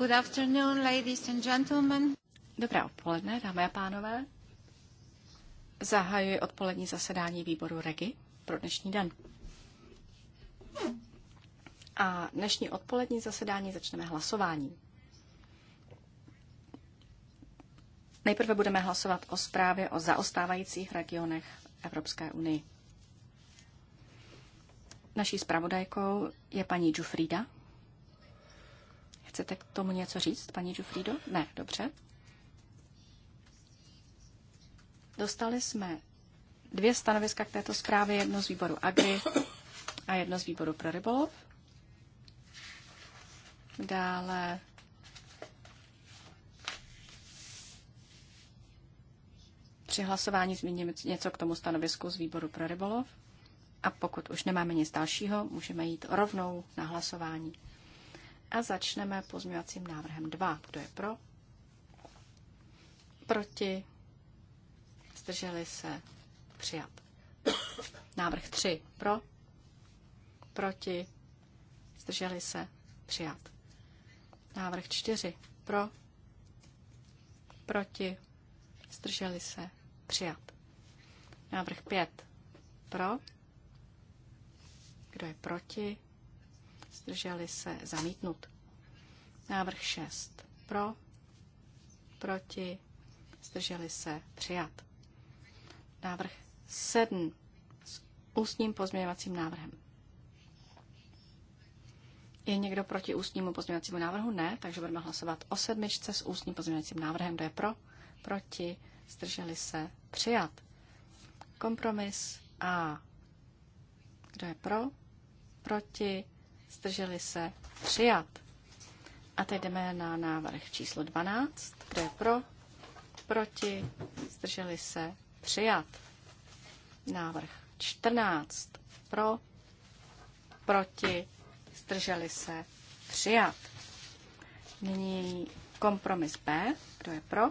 Good afternoon, ladies and gentlemen. Dobré odpoledne, dámy a pánové. Zahajuji odpolední zasedání výboru REGI pro dnešní den. A dnešní odpolední zasedání začneme hlasováním. Nejprve budeme hlasovat o zprávě o zaostávajících regionech Evropské unii. Naší zpravodajkou je paní Jufrida, Chcete k tomu něco říct, paní Jufrido? Ne, dobře. Dostali jsme dvě stanoviska k této zprávě, jedno z výboru Agri a jedno z výboru pro rybolov. Dále při hlasování zmíním něco k tomu stanovisku z výboru pro rybolov. A pokud už nemáme nic dalšího, můžeme jít rovnou na hlasování. A začneme pozměňovacím návrhem 2. Kdo je pro? Proti? Zdrželi se? Přijat. Návrh 3. Pro? Proti? Zdrželi se? Přijat. Návrh 4. Pro? Proti? Zdrželi se? Přijat. Návrh 5. Pro? Kdo je proti? zdrželi se, zamítnut. Návrh 6 pro, proti, zdrželi se, přijat. Návrh 7 s ústním pozměňovacím návrhem. Je někdo proti ústnímu pozměňovacímu návrhu? Ne, takže budeme hlasovat o sedmičce s ústním pozměňovacím návrhem. Kdo je pro? Proti? Zdrželi se? Přijat. Kompromis A. Kdo je pro? Proti? zdrželi se, přijat. A teď jdeme na návrh číslo 12, kde je pro, proti, zdrželi se, přijat. Návrh 14, pro, proti, zdrželi se, přijat. Nyní kompromis B, kdo je pro,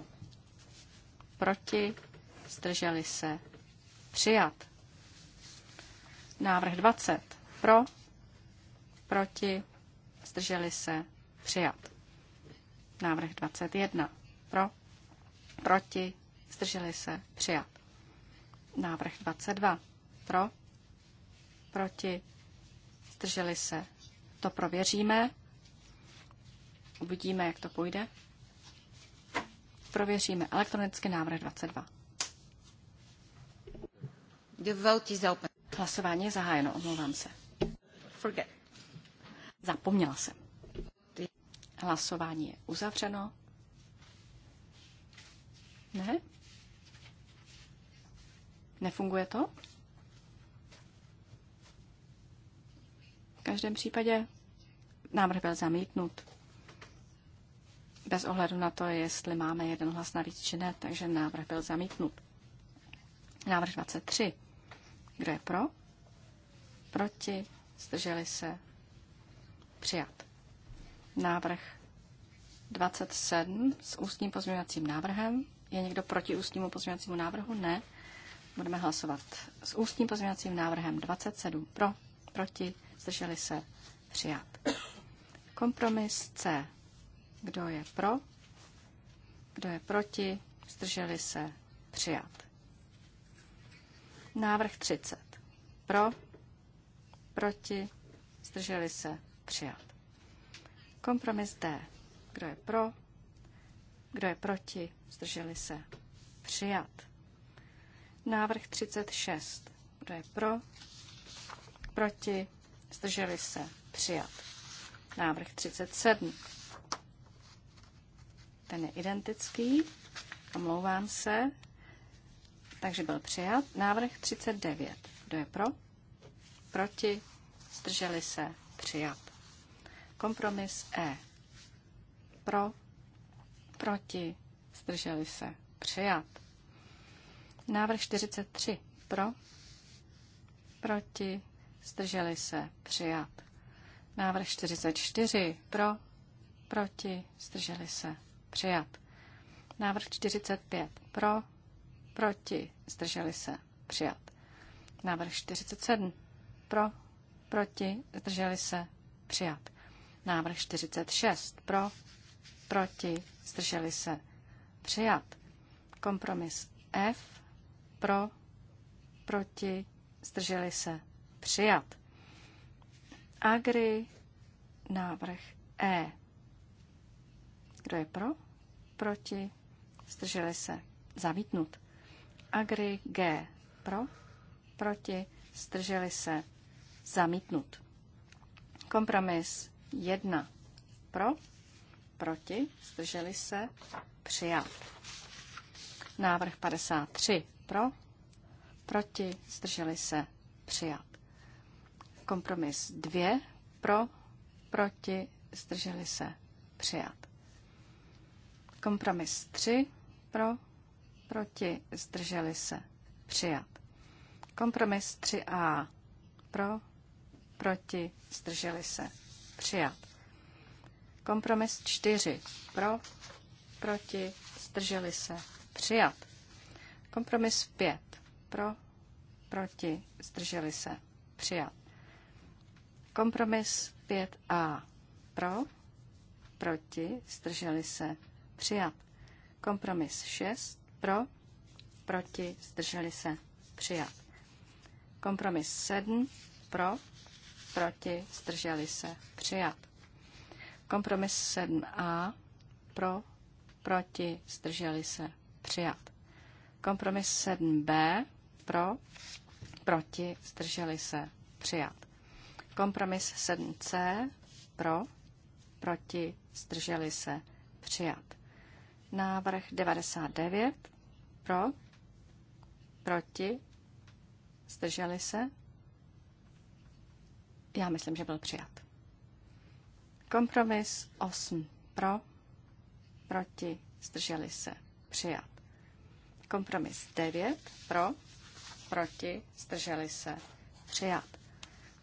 proti, zdrželi se, přijat. Návrh 20, pro, proti, zdrželi se, přijat. Návrh 21, pro, proti, zdrželi se, přijat. Návrh 22, pro, proti, zdrželi se. To prověříme, uvidíme, jak to půjde. Prověříme elektronicky návrh 22. The vote is open. Hlasování je zahájeno, omlouvám se. Forget. Zapomněla jsem. Hlasování je uzavřeno. Ne? Nefunguje to? V každém případě návrh byl zamítnut. Bez ohledu na to, jestli máme jeden hlas navíc či ne, takže návrh byl zamítnut. Návrh 23. Kdo je pro? Proti? Zdrželi se? Přijat. Návrh 27 s ústním pozměňovacím návrhem. Je někdo proti ústnímu pozměňovacímu návrhu? Ne. Budeme hlasovat s ústním pozměňovacím návrhem 27 pro, proti, zdrželi se, přijat. Kompromis C. Kdo je pro? Kdo je proti? Zdrželi se, přijat. Návrh 30. Pro, proti, zdrželi se, Přijat. Kompromis D. Kdo je pro? Kdo je proti? Zdrželi se. Přijat. Návrh 36. Kdo je pro? Proti? Zdrželi se. Přijat. Návrh 37. Ten je identický. Omlouvám se. Takže byl přijat. Návrh 39. Kdo je pro? Proti? Zdrželi se. Přijat. Kompromis E. Pro, proti, zdrželi se, přijat. Návrh 43. Pro, proti, zdrželi se, přijat. Návrh 44. Pro, proti, zdrželi se, přijat. Návrh 45. Pro, proti, zdrželi se, přijat. Návrh 47. Pro, proti, zdrželi se, přijat. Návrh 46 pro, proti, zdrželi se, přijat. Kompromis F pro, proti, zdrželi se, přijat. Agri, návrh E. Kdo je pro? Proti, zdrželi se, zamítnut. Agri G. Pro, proti, zdrželi se, zamítnut. Kompromis 1 pro, proti, zdrželi se, přijat. Návrh 53 pro, proti, zdrželi se, přijat. Kompromis 2 pro, proti, zdrželi se, přijat. Kompromis 3 pro, proti, zdrželi se, přijat. Kompromis 3a pro, proti, zdrželi se, Přijat. Kompromis 4. Pro, proti, zdrželi se. Přijat. Kompromis 5. Pro, proti, zdrželi se. Přijat. Kompromis 5a. Pro, proti, zdrželi se. Přijat. Kompromis 6. Pro, proti, zdrželi se. Přijat. Kompromis 7. Pro, proti, zdrželi se, přijat. Kompromis 7a, pro, proti, zdrželi se, přijat. Kompromis 7b, pro, proti, zdrželi se, přijat. Kompromis 7c, pro, proti, zdrželi se, přijat. Návrh 99, pro, proti, zdrželi se, já myslím, že byl přijat. Kompromis 8 pro, proti, zdrželi se, přijat. Kompromis 9 pro, proti, zdrželi se, přijat.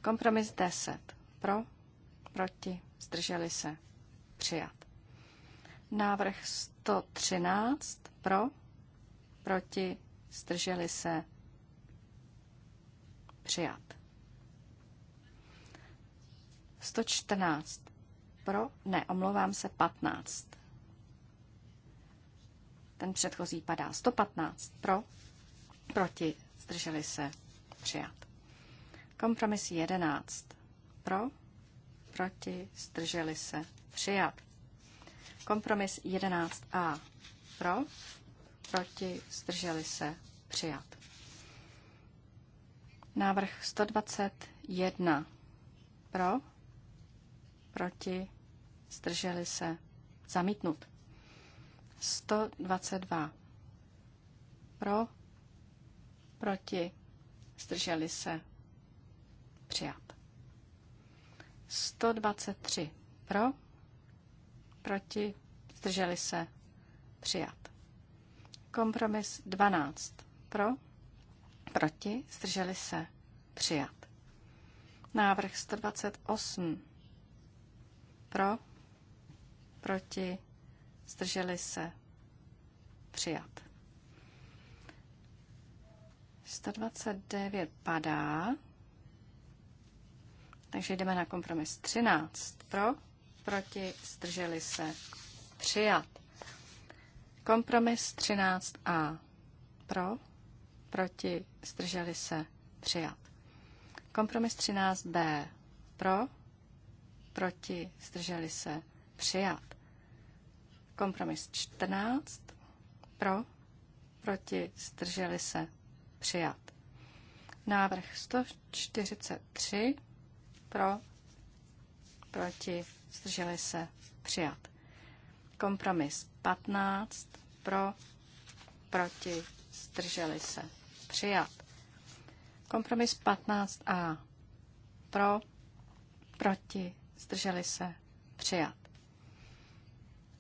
Kompromis 10 pro, proti, zdrželi se, přijat. Návrh 113 pro, proti, zdrželi se, přijat. 114. Pro? Ne, omlouvám se, 15. Ten předchozí padá. 115. Pro? Proti? Zdrželi se? Přijat. Kompromis 11. Pro? Proti? Zdrželi se? Přijat. Kompromis 11a. Pro? Proti? Zdrželi se? Přijat. Návrh 121. Pro? proti, zdrželi se, zamítnut. 122 pro, proti, zdrželi se, přijat. 123 pro, proti, zdrželi se, přijat. Kompromis 12 pro, proti, zdrželi se, přijat. Návrh 128 pro, proti, zdrželi se, přijat. 129 padá, takže jdeme na kompromis 13. Pro, proti, zdrželi se, přijat. Kompromis 13a. Pro, proti, zdrželi se, přijat. Kompromis 13b. Pro, proti, zdrželi se, přijat. Kompromis 14, pro, proti, zdrželi se, přijat. Návrh 143, pro, proti, zdrželi se, přijat. Kompromis 15, pro, proti, zdrželi se, přijat. Kompromis 15a, pro, proti, zdrželi se, přijat.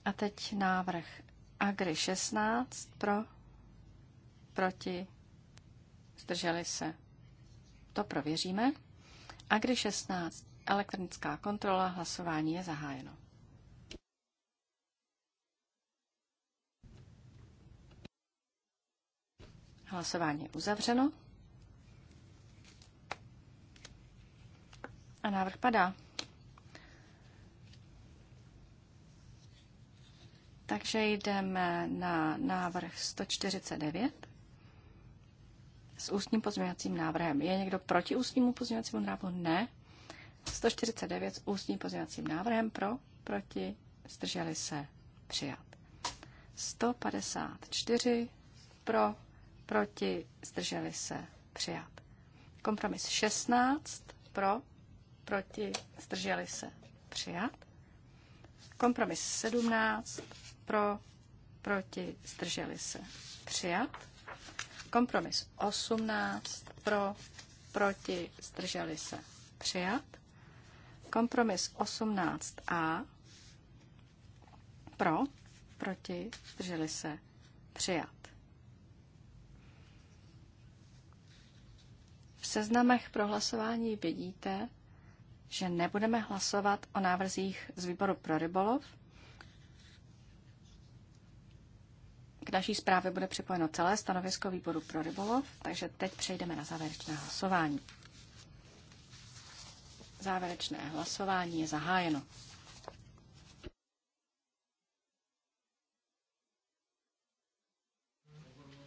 A teď návrh Agri 16 pro, proti, zdrželi se. To prověříme. Agri 16, elektronická kontrola, hlasování je zahájeno. Hlasování je uzavřeno. A návrh padá. Takže jdeme na návrh 149 s ústním pozměňovacím návrhem. Je někdo proti ústnímu pozměňovacímu návrhu? Ne. 149 s ústním pozměňovacím návrhem pro, proti, zdrželi se, přijat. 154 pro, proti, zdrželi se, přijat. Kompromis 16 pro, proti, zdrželi se, přijat. Kompromis 17 pro, proti, zdrželi se přijat. Kompromis 18 pro, proti, zdrželi se přijat. Kompromis 18a pro, proti, zdrželi se přijat. V seznamech pro hlasování vidíte, že nebudeme hlasovat o návrzích z výboru pro rybolov, K naší zprávě bude připojeno celé stanovisko výboru pro rybolov, takže teď přejdeme na závěrečné hlasování. Závěrečné hlasování je zahájeno.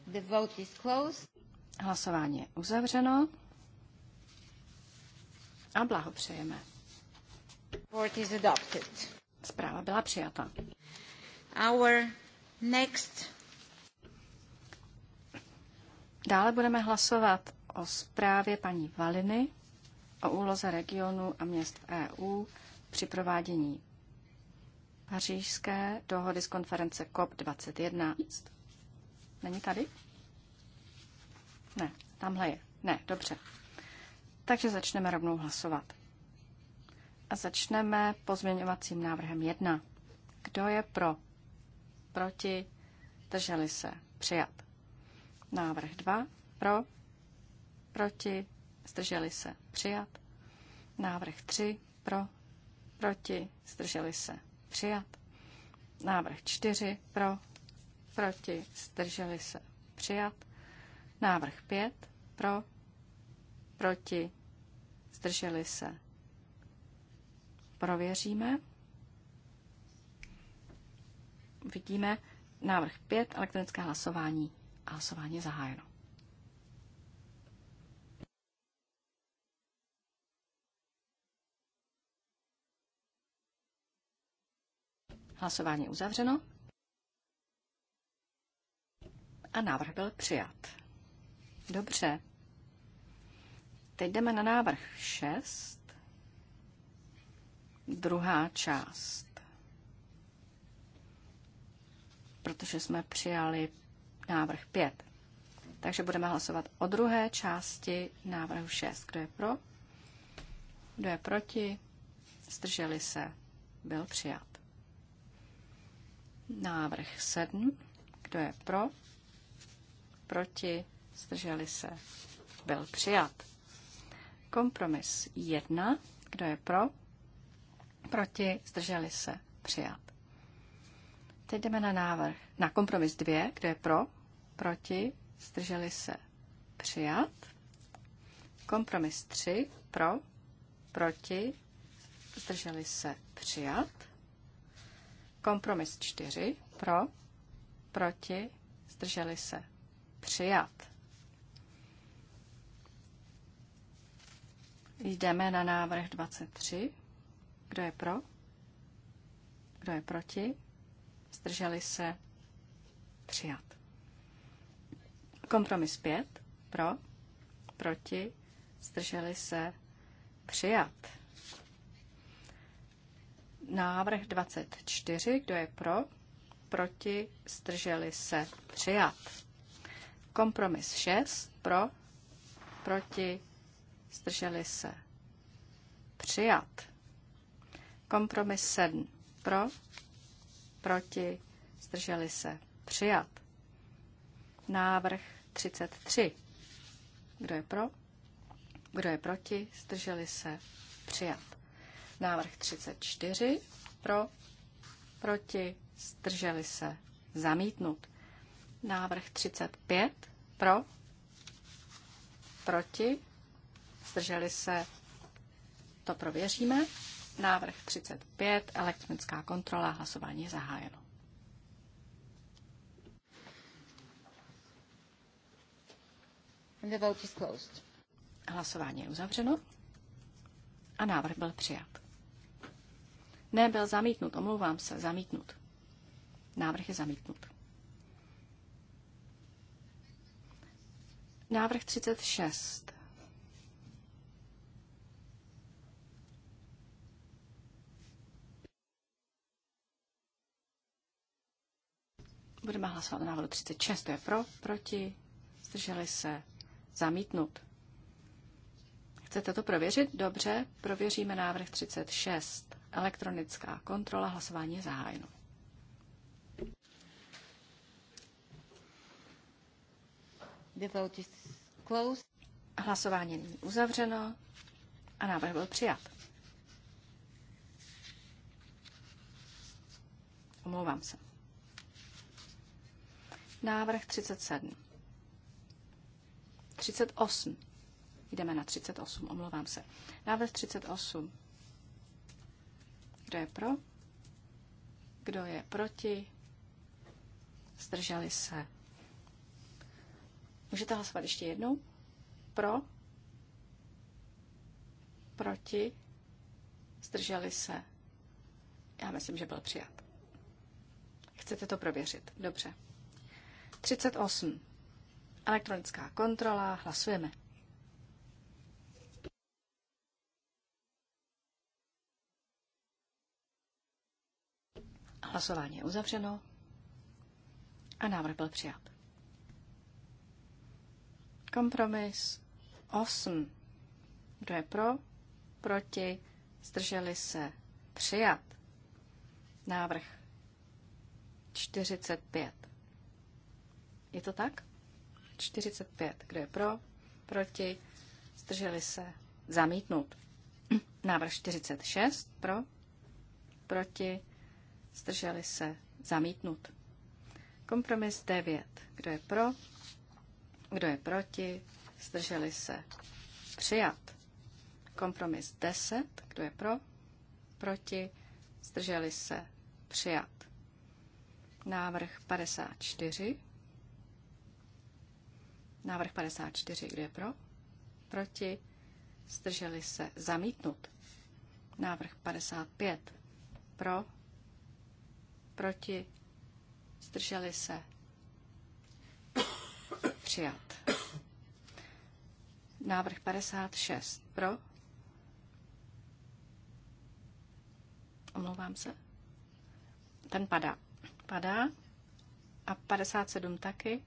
The vote is closed. Hlasování je uzavřeno. A blahopřejeme. Report is adopted. Zpráva byla přijata. Our next Dále budeme hlasovat o zprávě paní Valiny o úloze regionu a měst v EU při provádění pařížské dohody z konference COP21. Není tady? Ne, tamhle je. Ne, dobře. Takže začneme rovnou hlasovat. A začneme pozměňovacím návrhem 1. Kdo je pro? Proti? Drželi se? Přijat. Návrh 2 pro, proti, zdrželi se, přijat. Návrh 3 pro, proti, zdrželi se, přijat. Návrh 4 pro, proti, zdrželi se, přijat. Návrh 5 pro, proti, zdrželi se. Prověříme. Vidíme návrh 5, elektronické hlasování Hlasování je zahájeno. Hlasování je uzavřeno. A návrh byl přijat. Dobře. Teď jdeme na návrh 6. Druhá část. Protože jsme přijali návrh 5. Takže budeme hlasovat o druhé části návrhu 6. Kdo je pro? Kdo je proti? Zdrželi se? Byl přijat. Návrh 7. Kdo je pro? Proti? Zdrželi se? Byl přijat. Kompromis 1. Kdo je pro? Proti? Zdrželi se? Přijat. Teď jdeme na návrh, na kompromis 2. Kdo je pro? proti, zdrželi se přijat. Kompromis 3 pro, proti, zdrželi se přijat. Kompromis 4 pro, proti, zdrželi se přijat. Jdeme na návrh 23. Kdo je pro? Kdo je proti? Zdrželi se přijat. Kompromis 5 pro, proti, zdrželi se, přijat. Návrh 24, kdo je pro, proti, zdrželi se, přijat. Kompromis 6 pro, proti, zdrželi se, přijat. Kompromis 7 pro, proti, zdrželi se, přijat. Návrh 33. Kdo je pro? Kdo je proti? Zdrželi se? Přijat. Návrh 34. Pro? Proti? Zdrželi se? Zamítnut. Návrh 35. Pro? Proti? Zdrželi se? To prověříme. Návrh 35. Elektronická kontrola. Hlasování je zahájeno. And the vote is closed. Hlasování je uzavřeno a návrh byl přijat. Ne, byl zamítnut, omlouvám se, zamítnut. Návrh je zamítnut. Návrh 36. Budeme hlasovat o návrhu 36. To je pro, proti, zdrželi se, Zamítnut. Chcete to prověřit? Dobře, prověříme návrh 36. Elektronická kontrola, hlasování je zahájeno. The vote is closed. Hlasování není uzavřeno a návrh byl přijat. Omlouvám se. Návrh 37. 38. Jdeme na 38, omlouvám se. Návrh 38. Kdo je pro? Kdo je proti? Zdrželi se. Můžete hlasovat ještě jednou? Pro? Proti? Zdrželi se. Já myslím, že byl přijat. Chcete to prověřit? Dobře. 38. Elektronická kontrola, hlasujeme. Hlasování je uzavřeno a návrh byl přijat. Kompromis 8. Kdo je pro? Proti? Zdrželi se? Přijat. Návrh 45. Je to tak? 45. Kdo je pro? Proti? Zdrželi se? Zamítnut. Návrh 46. Pro? Proti? Zdrželi se? Zamítnut. Kompromis 9. Kdo je pro? Kdo je proti? Zdrželi se? Přijat. Kompromis 10. Kdo je pro? Proti? Zdrželi se? Přijat. Návrh 54. Návrh 54, kdo je pro? Proti? Zdrželi se zamítnut. Návrh 55, pro? Proti? Zdrželi se přijat. Návrh 56, pro? Omlouvám se. Ten padá. Padá. A 57 taky.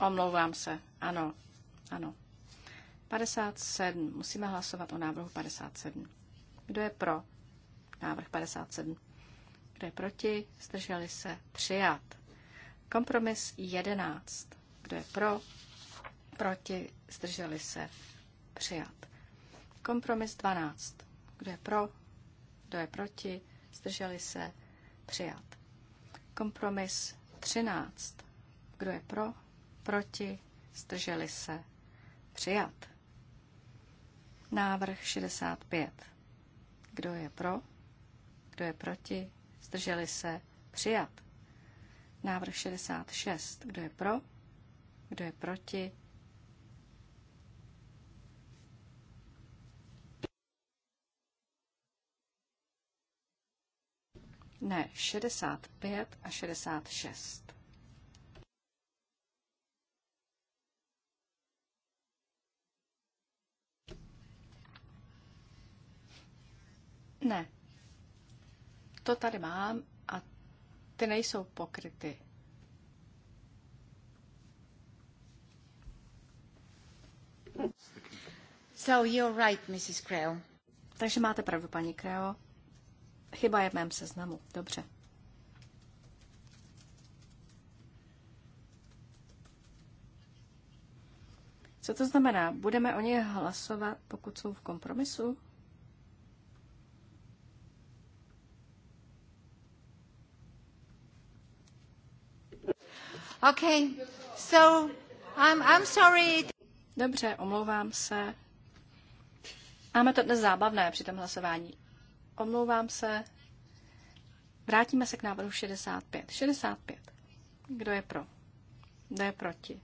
Omlouvám se. Ano, ano. 57. Musíme hlasovat o návrhu 57. Kdo je pro? Návrh 57. Kdo je proti? Zdrželi se. Přijat. Kompromis 11. Kdo je pro? Proti? Zdrželi se. Přijat. Kompromis 12. Kdo je pro? Kdo je proti? Zdrželi se. Přijat. Kompromis 13. Kdo je pro? proti, zdrželi se, přijat. Návrh 65. Kdo je pro, kdo je proti, zdrželi se, přijat. Návrh 66. Kdo je pro, kdo je proti, Ne, 65 a 66. Ne. To tady mám a ty nejsou pokryty. So you're right, Mrs. Creo. Takže máte pravdu, paní Creo. Chyba je v mém seznamu. Dobře. Co to znamená? Budeme o něj hlasovat, pokud jsou v kompromisu? Okay, so I'm, I'm sorry. Dobře, omlouvám se. Máme to dnes zábavné při tom hlasování. Omlouvám se. Vrátíme se k návrhu 65. 65. Kdo je pro? Kdo je proti?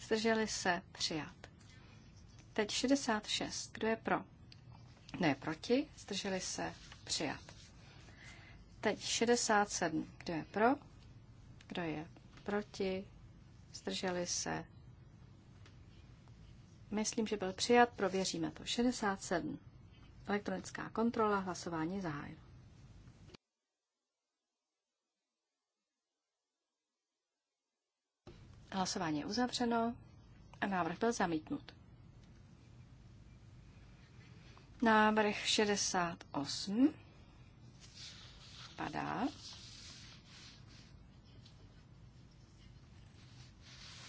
Zdrželi se přijat. Teď 66. Kdo je pro? Kdo je proti? Zdrželi se přijat. Teď 67. Kdo je pro? Kdo je proti, zdrželi se. Myslím, že byl přijat, prověříme to. 67. Elektronická kontrola, hlasování zahájeno. Hlasování je uzavřeno a návrh byl zamítnut. Návrh 68 padá.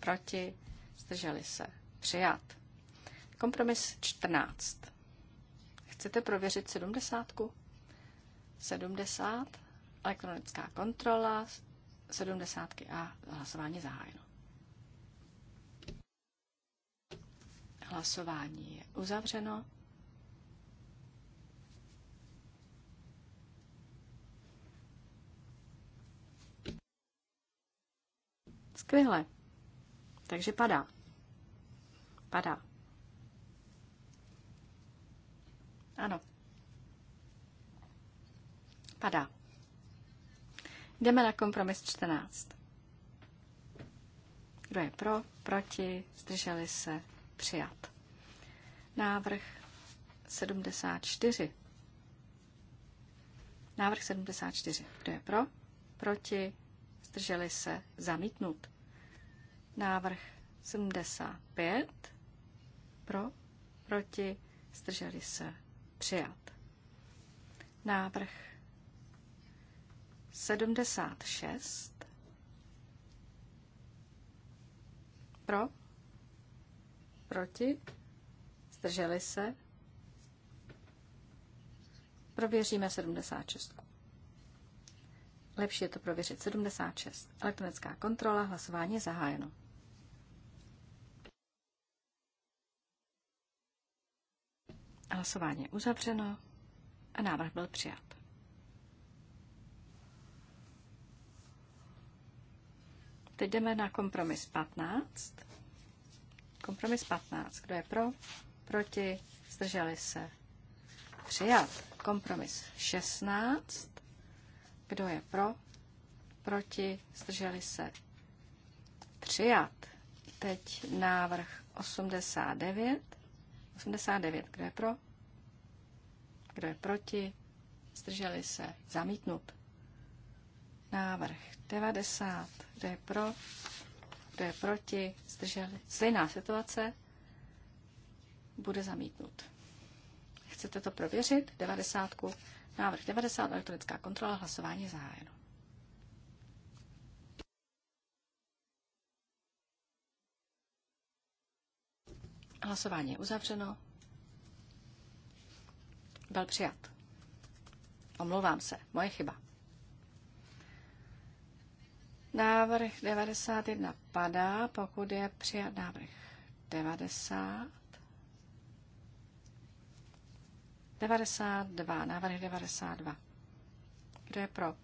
proti, zdrželi se, přijat. Kompromis 14. Chcete prověřit 70? 70, elektronická kontrola, 70 a hlasování zahájeno. Hlasování je uzavřeno. Skvěle. Takže padá. Padá. Ano. Padá. Jdeme na kompromis 14. Kdo je pro, proti, zdrželi se, přijat. Návrh 74. Návrh 74. Kdo je pro, proti, zdrželi se, zamítnut. Návrh 75 pro, proti, zdrželi se, přijat. Návrh 76 pro, proti, zdrželi se. Prověříme 76. Lepší je to prověřit 76. Elektronická kontrola, hlasování je zahájeno. Hlasování je uzavřeno a návrh byl přijat. Teď jdeme na kompromis 15. Kompromis 15. Kdo je pro? Proti? Zdrželi se? Přijat. Kompromis 16. Kdo je pro? Proti? Zdrželi se? Přijat. Teď návrh 89. 89. Kdo je pro? Kdo je proti? Zdrželi se? Zamítnut. Návrh 90. Kdo je pro? Kdo je proti? Zdrželi? Stejná situace. Bude zamítnut. Chcete to prověřit? 90. Návrh 90, elektronická kontrola, hlasování zahájeno. Hlasování je uzavřeno. Byl přijat. Omlouvám se, moje chyba. Návrh 91 padá, pokud je přijat návrh 90. 92, návrh 92. Kdo je pro?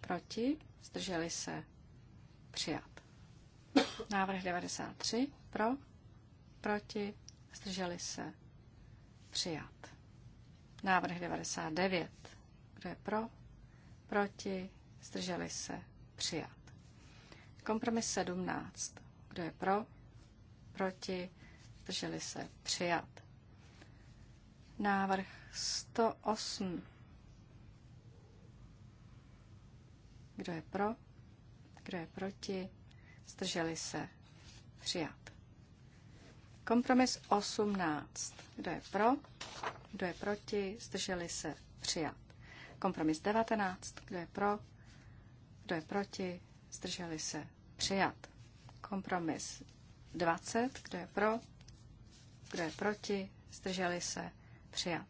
Proti? Zdrželi se? Přijat. Návrh 93. Pro? Proti? Zdrželi se? Přijat. Návrh 99. Kdo je pro? Proti? Zdrželi se? Přijat. Kompromis 17. Kdo je pro? Proti? Zdrželi se? Přijat. Návrh 108. Kdo je pro? Kdo je proti? Zdrželi se. Přijat. Kompromis 18. Kdo je pro? Kdo je proti? Zdrželi se. Přijat. Kompromis 19. Kdo je pro? Kdo je proti? Zdrželi se. Přijat. Kompromis 20. Kdo je pro? Kdo je proti? Zdrželi se. Přijat. Přijat.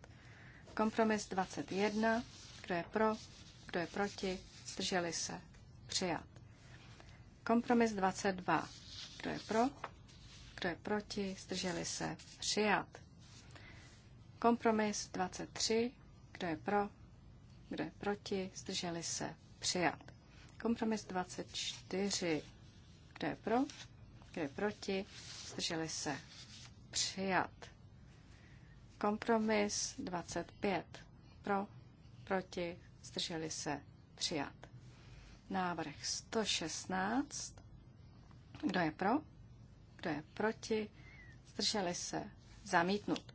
Kompromis 21. Kdo je pro? Kdo je proti? Zdrželi se? Přijat. Kompromis 22. Kdo je pro? Kdo je proti? Zdrželi se? Přijat. Kompromis 23. Kdo je pro? Kdo je proti? Zdrželi se? Přijat. Kompromis 24. Kdo je pro? Kdo je proti? Zdrželi se? Přijat. Kompromis 25. Pro, proti, zdrželi se, přijat. Návrh 116. Kdo je pro? Kdo je proti? Zdrželi se, zamítnut.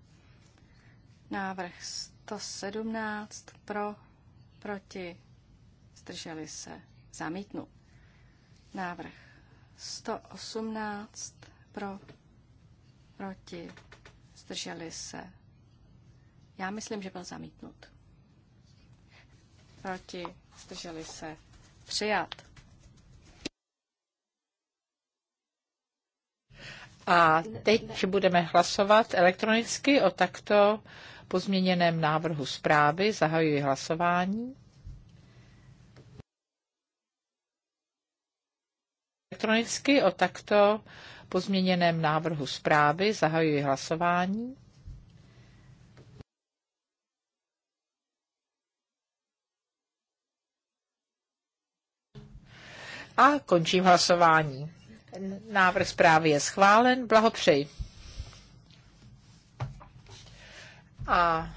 Návrh 117. Pro, proti, zdrželi se, zamítnut. Návrh 118. Pro, proti, zdrželi se, já myslím, že byl zamítnut. Proti. Zdrželi se. Přijat. A teď budeme hlasovat elektronicky o takto pozměněném návrhu zprávy. Zahajuji hlasování. Elektronicky o takto pozměněném návrhu zprávy. Zahajuji hlasování. a končím hlasování. Návrh zprávy je schválen. Blahopřeji. A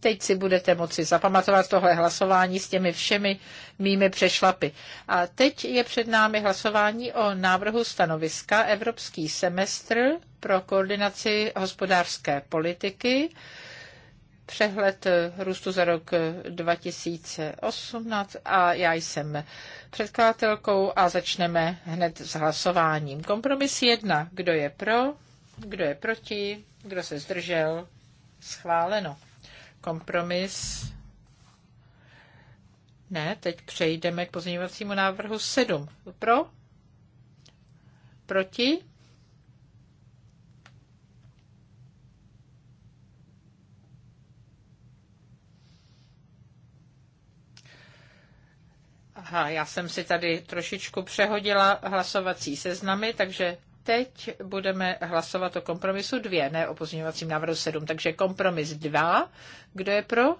teď si budete moci zapamatovat tohle hlasování s těmi všemi mými přešlapy. A teď je před námi hlasování o návrhu stanoviska Evropský semestr pro koordinaci hospodářské politiky přehled eh, růstu za rok 2018 eh, a já jsem předkladatelkou a začneme hned s hlasováním. Kompromis 1. Kdo je pro? Kdo je proti? Kdo se zdržel? Schváleno. Kompromis. Ne, teď přejdeme k pozměňovacímu návrhu 7. Pro? Proti? Aha, já jsem si tady trošičku přehodila hlasovací seznamy, takže teď budeme hlasovat o kompromisu 2, ne o pozměňovacím návrhu 7. Takže kompromis 2. Kdo je pro?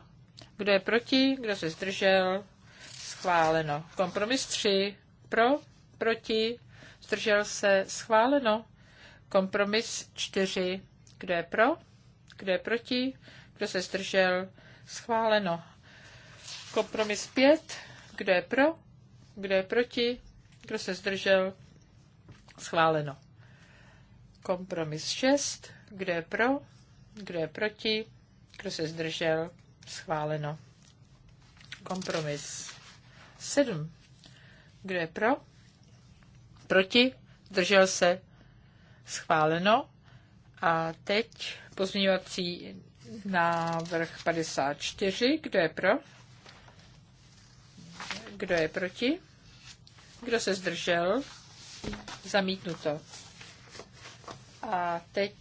Kdo je proti? Kdo se zdržel? Schváleno. Kompromis 3. Pro? Proti? Zdržel se? Schváleno. Kompromis 4. Kdo je pro? Kdo je proti? Kdo se zdržel? Schváleno. Kompromis 5. Kdo je pro? Kdo je proti? Kdo se zdržel? Schváleno. Kompromis 6. Kdo je pro? Kdo je proti? Kdo se zdržel? Schváleno. Kompromis 7. Kdo je pro? Proti? Zdržel se? Schváleno. A teď pozměňovací návrh 54. Kdo je pro? Kdo je proti? Kdo se zdržel? Zamítnuto. A teď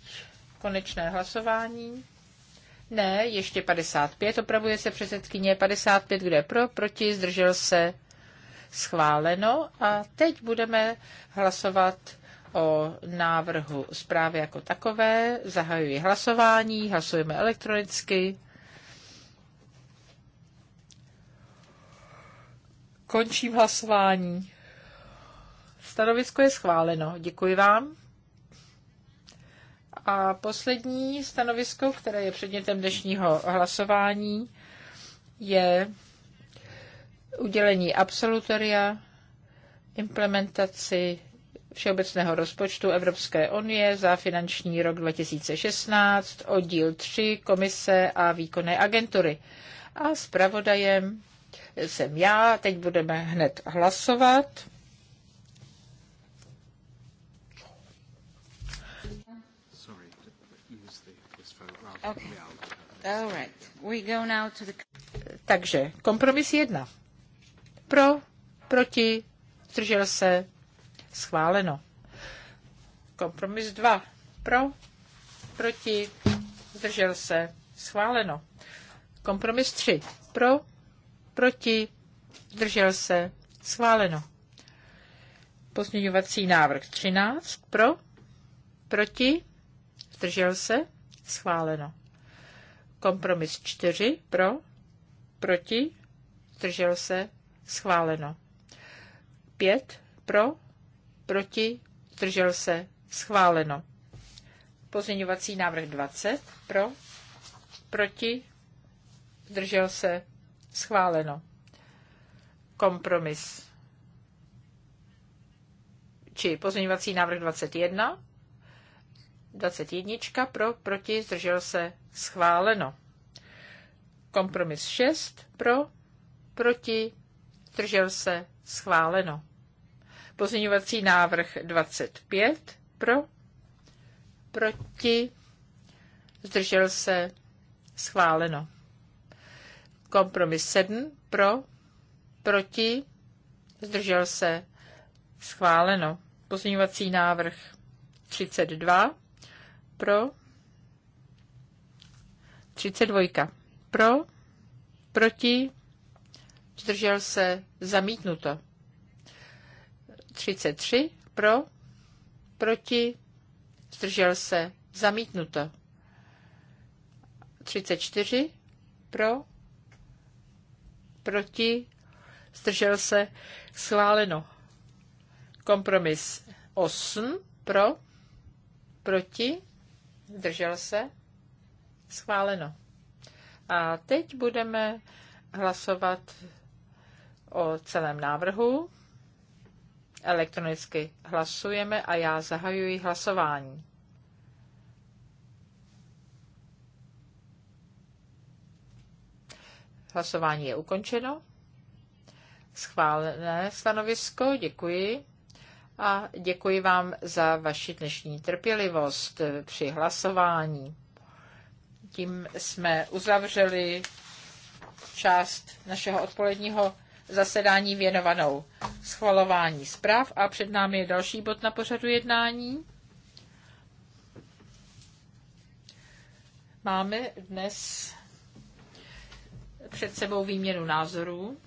konečné hlasování. Ne, ještě 55, opravuje se předsedkyně 55, kdo je pro, proti, zdržel se, schváleno. A teď budeme hlasovat o návrhu zprávy jako takové. Zahajuji hlasování, hlasujeme elektronicky. Končím hlasování. Stanovisko je schváleno. Děkuji vám. A poslední stanovisko, které je předmětem dnešního hlasování, je udělení absolutoria, implementaci Všeobecného rozpočtu Evropské unie za finanční rok 2016, oddíl 3, komise a výkonné agentury. A zpravodajem jsem já. Teď budeme hned hlasovat. Okay. Right. We go now to the... Takže kompromis jedna. Pro, proti, zdržel se, schváleno. Kompromis dva. Pro, proti, zdržel se, schváleno. Kompromis tři. Pro, proti, zdržel se, schváleno. Pozměňovací návrh 13 pro, proti, zdržel se, schváleno. Kompromis 4 pro, proti, zdržel se, schváleno. 5 pro, proti, zdržel se, schváleno. Pozměňovací návrh 20 pro, proti, zdržel se, Schváleno. Kompromis. Či pozměňovací návrh 21. 21. Pro, proti, zdržel se. Schváleno. Kompromis 6. Pro, proti, zdržel se. Schváleno. Pozměňovací návrh 25. Pro, proti, zdržel se. Schváleno. Kompromis 7 pro, proti, zdržel se, schváleno. Pozměňovací návrh 32 pro, 32 pro, proti, zdržel se, zamítnuto. 33 pro, proti, zdržel se, zamítnuto. 34 pro, proti, zdržel se, schváleno. Kompromis 8 pro, proti, zdržel se, schváleno. A teď budeme hlasovat o celém návrhu. Elektronicky hlasujeme a já zahajuji hlasování. Hlasování je ukončeno. Schválené stanovisko, děkuji. A děkuji vám za vaši dnešní trpělivost při hlasování. Tím jsme uzavřeli část našeho odpoledního zasedání věnovanou schvalování zpráv a před námi je další bod na pořadu jednání. Máme dnes před sebou výměnu názorů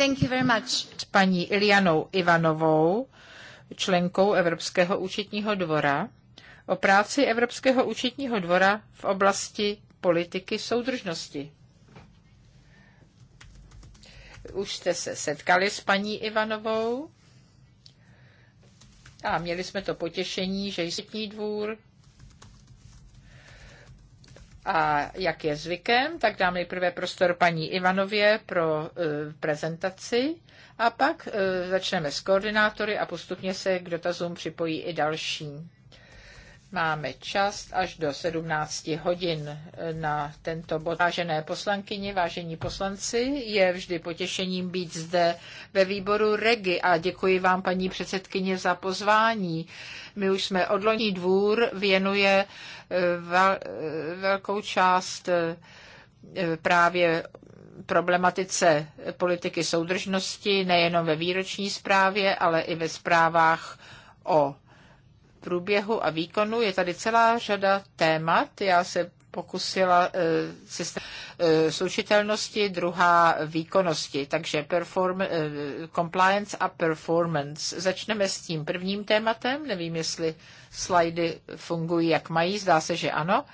Thank you very much. Paní Ilianou Ivanovou, členkou Evropského účetního dvora, o práci Evropského účetního dvora v oblasti politiky soudržnosti. Už jste se setkali s paní Ivanovou a měli jsme to potěšení, že Účetní dvůr a jak je zvykem, tak dám nejprve prostor paní Ivanově pro uh, prezentaci a pak uh, začneme s koordinátory a postupně se k dotazům připojí i další. Máme čas až do 17 hodin na tento bod. Vážené poslankyně, vážení poslanci, je vždy potěšením být zde ve výboru REGI a děkuji vám, paní předsedkyně, za pozvání. My už jsme odloní dvůr, věnuje eh, eh, velkou část eh, právě problematice politiky soudržnosti, nejenom ve výroční zprávě, ale i ve zprávách o průběhu a výkonu. Je tady celá řada témat. Já se pokusila uh, eh, eh, slušitelnosti, druhá výkonnosti. Takže perform, eh, compliance a performance. Začneme s tím prvním tématem. Nevím, jestli slajdy fungují, jak mají. Zdá se, že ano.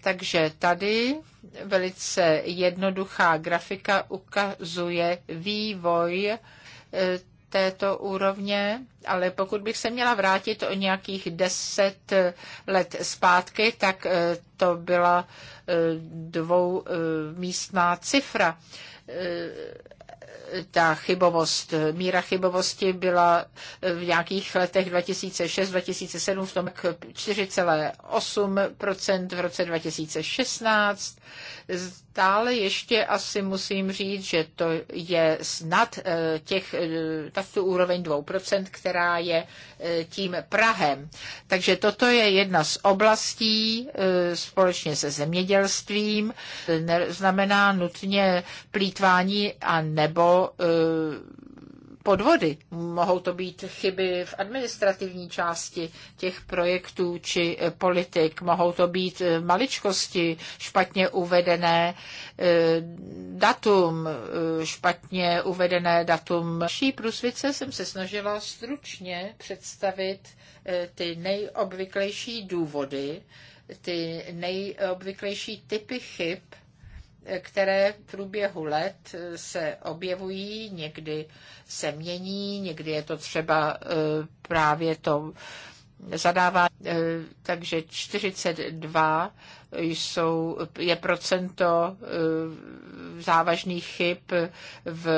Takže tady velice jednoduchá grafika ukazuje vývoj této úrovně, ale pokud bych se měla vrátit o nějakých deset let zpátky, tak eh, to byla eh, dvoumístná eh, cifra ta chybovost, míra chybovosti byla v nějakých letech 2006-2007 v tom 4,8% v roce 2016. Stále ještě asi musím říct, že to je snad eh, těch, eh, tato úroveň 2%, která je eh, tím Prahem. Takže toto je jedna z oblastí společně se zemědělstvím. Znamená nutně plítvání a nebo E, podvody. Mohou to být chyby v administrativní části těch projektů či e, politik, mohou to být e, maličkosti, špatně uvedené datum, špatně uvedené datum. V naší průsvice jsem se snažila stručně představit ty nejobvyklejší důvody, ty nejobvyklejší typy chyb, které v průběhu let se objevují, někdy se mění, někdy je to třeba eh, právě to zadávání. Eh, takže 42 jsou, je procento eh, závažných chyb v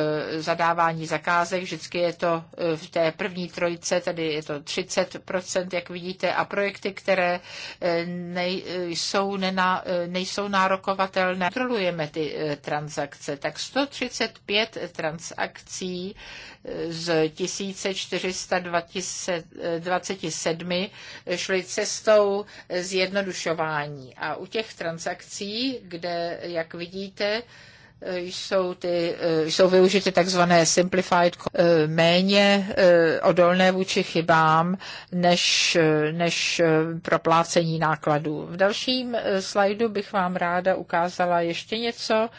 zadávání zakázek. Vždycky je to eh, v té první trojce, tedy je to 30%, jak vidíte, a projekty, které eh, nejsou, nena, nejsou nárokovatelné. Kontrolujeme ty transakce, tak 135 transakcí z 1427 šly cestou zjednodušování a u těch transakcí, kde, jak vidíte, jsou, ty, jsou využity takzvané simplified, eh, méně eh, odolné vůči chybám než, eh, než proplácení nákladů. V dalším slajdu bych vám ráda ukázala ještě něco,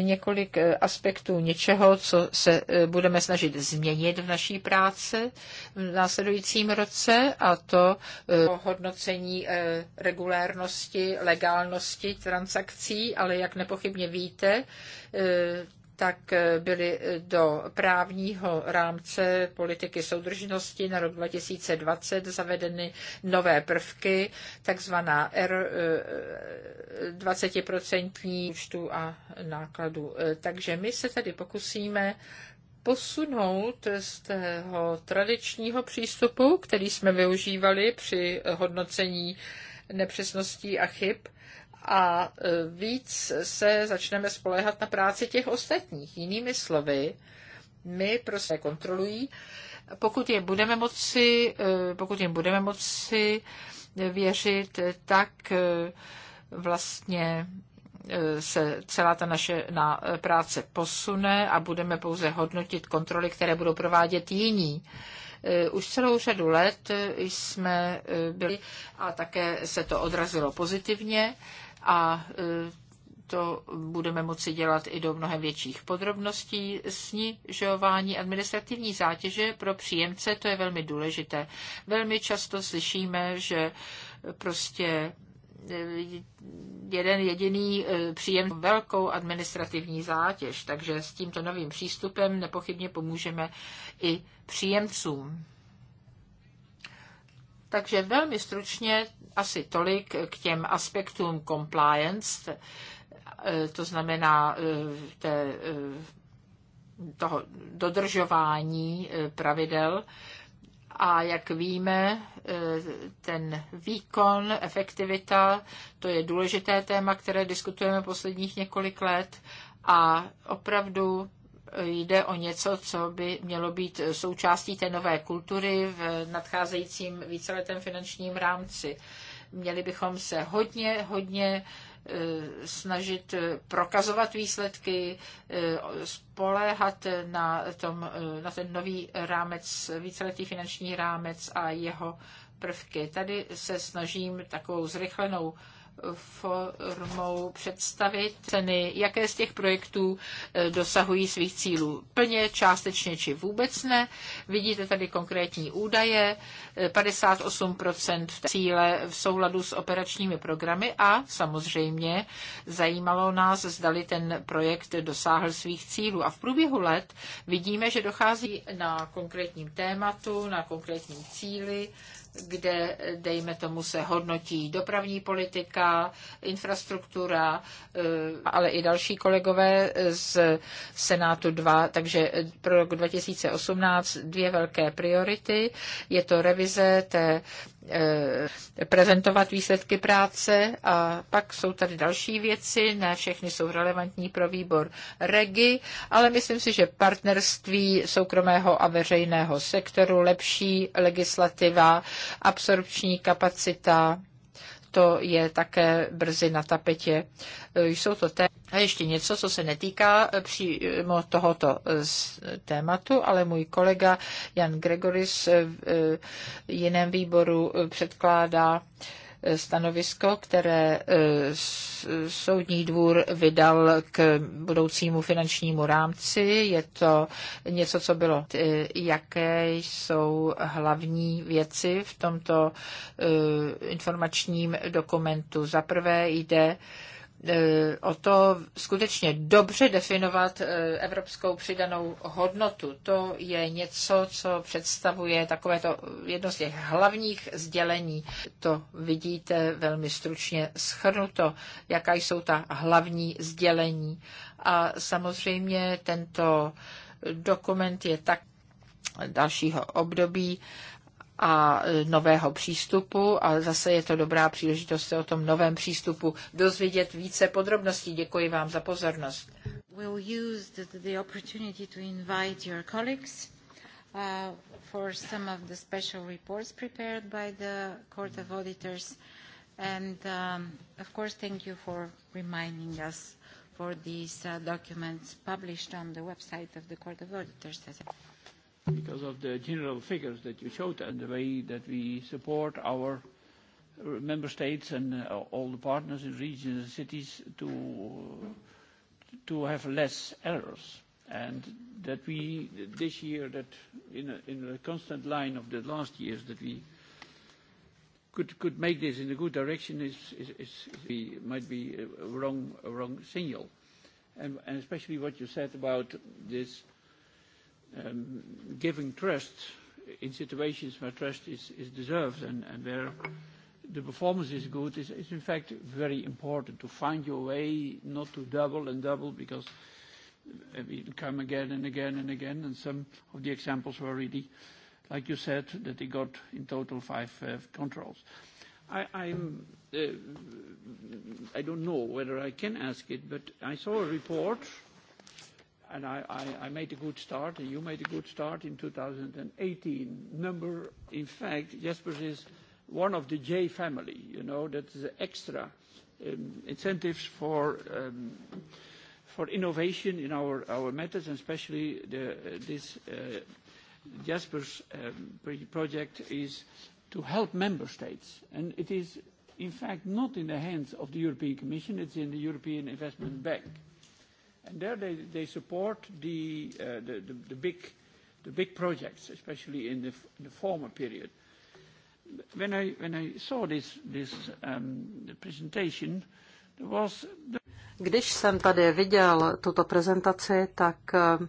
několik eh, aspektů něčeho, co se eh, budeme snažit změnit v naší práci v následujícím roce a to eh, hodnocení regulérnosti, legálnosti transakcí, ale jak nepochybně víte, tak eh, byly eh, do právního rámce politiky soudržnosti na rok 2020 zavedeny nové prvky, takzvaná R, 20% eh, účtu a nákladu. Takže my se tady pokusíme posunout z toho tradičního přístupu, který jsme využívali při hodnocení nepřesností a chyb, a e, víc se začneme spolehat na práci těch ostatních. Jinými slovy, my prostě kontrolují, pokud jim budeme moci, e, pokud jim budeme moci věřit, tak e, vlastně se celá ta naše na práce posune a budeme pouze hodnotit kontroly, které budou provádět jiní. Už celou řadu let jsme byli a také se to odrazilo pozitivně a e, to budeme moci dělat i do mnohem větších podrobností. Snižování administrativní zátěže pro příjemce, to je velmi důležité. Velmi často slyšíme, že prostě e, jeden jediný e, příjem velkou administrativní zátěž, takže s tímto novým přístupem nepochybně pomůžeme i příjemcům. Takže velmi stručně asi tolik k těm aspektům compliance, eh, to znamená eh, té, eh, toho dodržování pravidel. A jak víme, ten výkon, efektivita, to je důležité téma, které diskutujeme posledních několik let. A opravdu jde o něco, co by mělo být součástí té nové kultury v nadcházejícím víceletém finančním rámci. Měli bychom se hodně, hodně e, snažit e, prokazovat výsledky, e, spoléhat na, tom, na ten nový rámec, víceletý finanční rámec a jeho prvky. Tady se snažím takovou zrychlenou formou představit ceny, jaké z těch projektů e, dosahují svých cílů plně, částečně či vůbec ne. Vidíte tady konkrétní údaje, 58% e, v cíle v souladu s operačními programy a samozřejmě zajímalo nás, zdali ten projekt dosáhl svých cílů. A v průběhu let vidíme, že dochází na konkrétním tématu, na konkrétním cíli, kde, dejme tomu, se hodnotí dopravní politika, infrastruktura, eh, ale i další kolegové z Senátu 2. Takže eh, pro rok 2018 dvě velké priority. Je to revize té Eh, prezentovat výsledky práce a pak jsou tady další věci, ne všechny jsou relevantní pro výbor REGI, ale myslím si, že partnerství soukromého a veřejného sektoru, lepší legislativa, absorpční kapacita, to je také brzy na tapetě. E, jsou to té... A ještě něco, co se netýká e, přímo tohoto e, tématu, ale můj kolega Jan Gregoris v jiném výboru předkládá stanovisko, které e, soudní dvůr vydal k budoucímu finančnímu rámci. Je to něco, co bylo. E, jaké jsou hlavní věci v tomto e, informačním dokumentu? Za prvé jde Eh, o to skutečně dobře definovat eh, evropskou přidanou hodnotu. To je něco, co představuje takové to jedno z těch hlavních sdělení. To vidíte velmi stručně schrnuto, jaká jsou ta hlavní sdělení. A samozřejmě tento dokument je tak dalšího období a e, nového přístupu a zase je to dobrá příležitost se o tom novém přístupu dozvědět více podrobností. Děkuji vám za pozornost. We'll use the, the opportunity to invite your colleagues uh, for some of the special reports prepared by the Court of Auditors. And um, of course, thank you for reminding us for these uh, documents published on the website of the Court of Auditors because of the general figures that you showed and the way that we support our uh, member states and uh, all the partners in regions and cities to to have less errors. and That we this year, that in a, in a constant line of the last years, that we could could make this in a good direction is is is be might be a wrong a wrong signal. and and Especially what you said about this um, giving trust in situations where trust is, is deserved and, and where the performance is good is, is in fact very important to find your way not to double and double because we come again and again and again and some of the examples were really like you said that they got in total five uh, controls. I, I'm, uh, I don't know whether I can ask it but I saw a report and I, made a good start, and you made a good start in 2018. Number, in fact, Jaspers is one of the J family, you know, that is extra um, incentives um, for, innovation in our, methods, and especially uh, this uh, Jaspers um, project is to help member states. it is, in fact, not in the hands of the European Commission, it's in the European Investment Bank. And there they, they support the, uh, the, the, the, big, the big projects, especially in the, in the former period. When I, when I saw this, this um, the presentation, there was... The... Když jsem tady viděl tuto prezentaci, tak uh,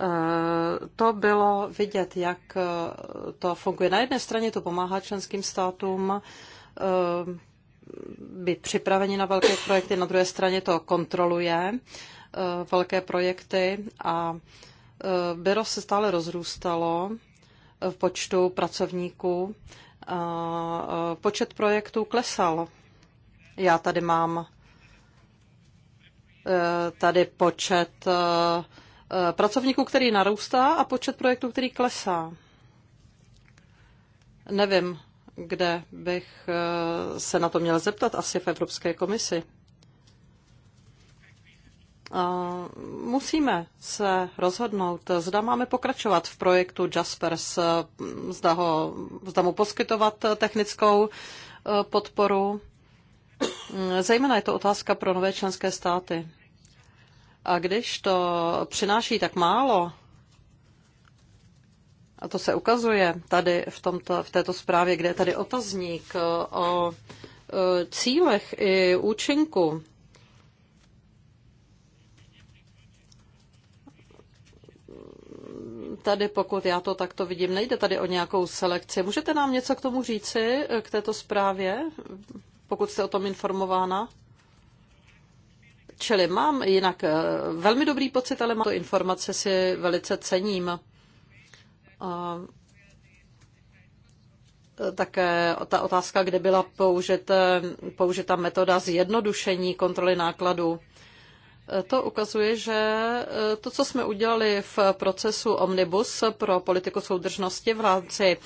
uh, to bylo vidět, jak uh, to funguje. Na jedné straně to pomáhá členským státům být připraveni na velké projekty, na druhé straně to kontroluje Eh, velké projekty a eh, byro se stále rozrůstalo v počtu pracovníků. Počet projektů klesal. Já tady mám eh, tady počet pracovníků, který narůstá a počet projektů, který klesá. Nevím, kde bych se na to měl zeptat, asi v Evropské komisi. Musíme se rozhodnout, zda máme pokračovat v projektu Jaspers, zda, ho, zda mu poskytovat technickou e, podporu. Zejména je to otázka pro nové členské státy. A když to přináší tak málo, a to se ukazuje tady v, tomto, v této zprávě, kde je tady otazník e, o e, cílech i účinku tady, pokud já to takto vidím, nejde tady o nějakou selekci. Můžete nám něco k tomu říci, eh, k této zprávě, pokud jste o tom informována? Čili mám jinak eh, velmi dobrý pocit, ale mám to informace si velice cením. A eh, také ta otázka, kde byla použita, použita metoda zjednodušení kontroly nákladů. To ukazuje, že e, to, co jsme udělali v procesu Omnibus pro politiku soudržnosti v rámci e,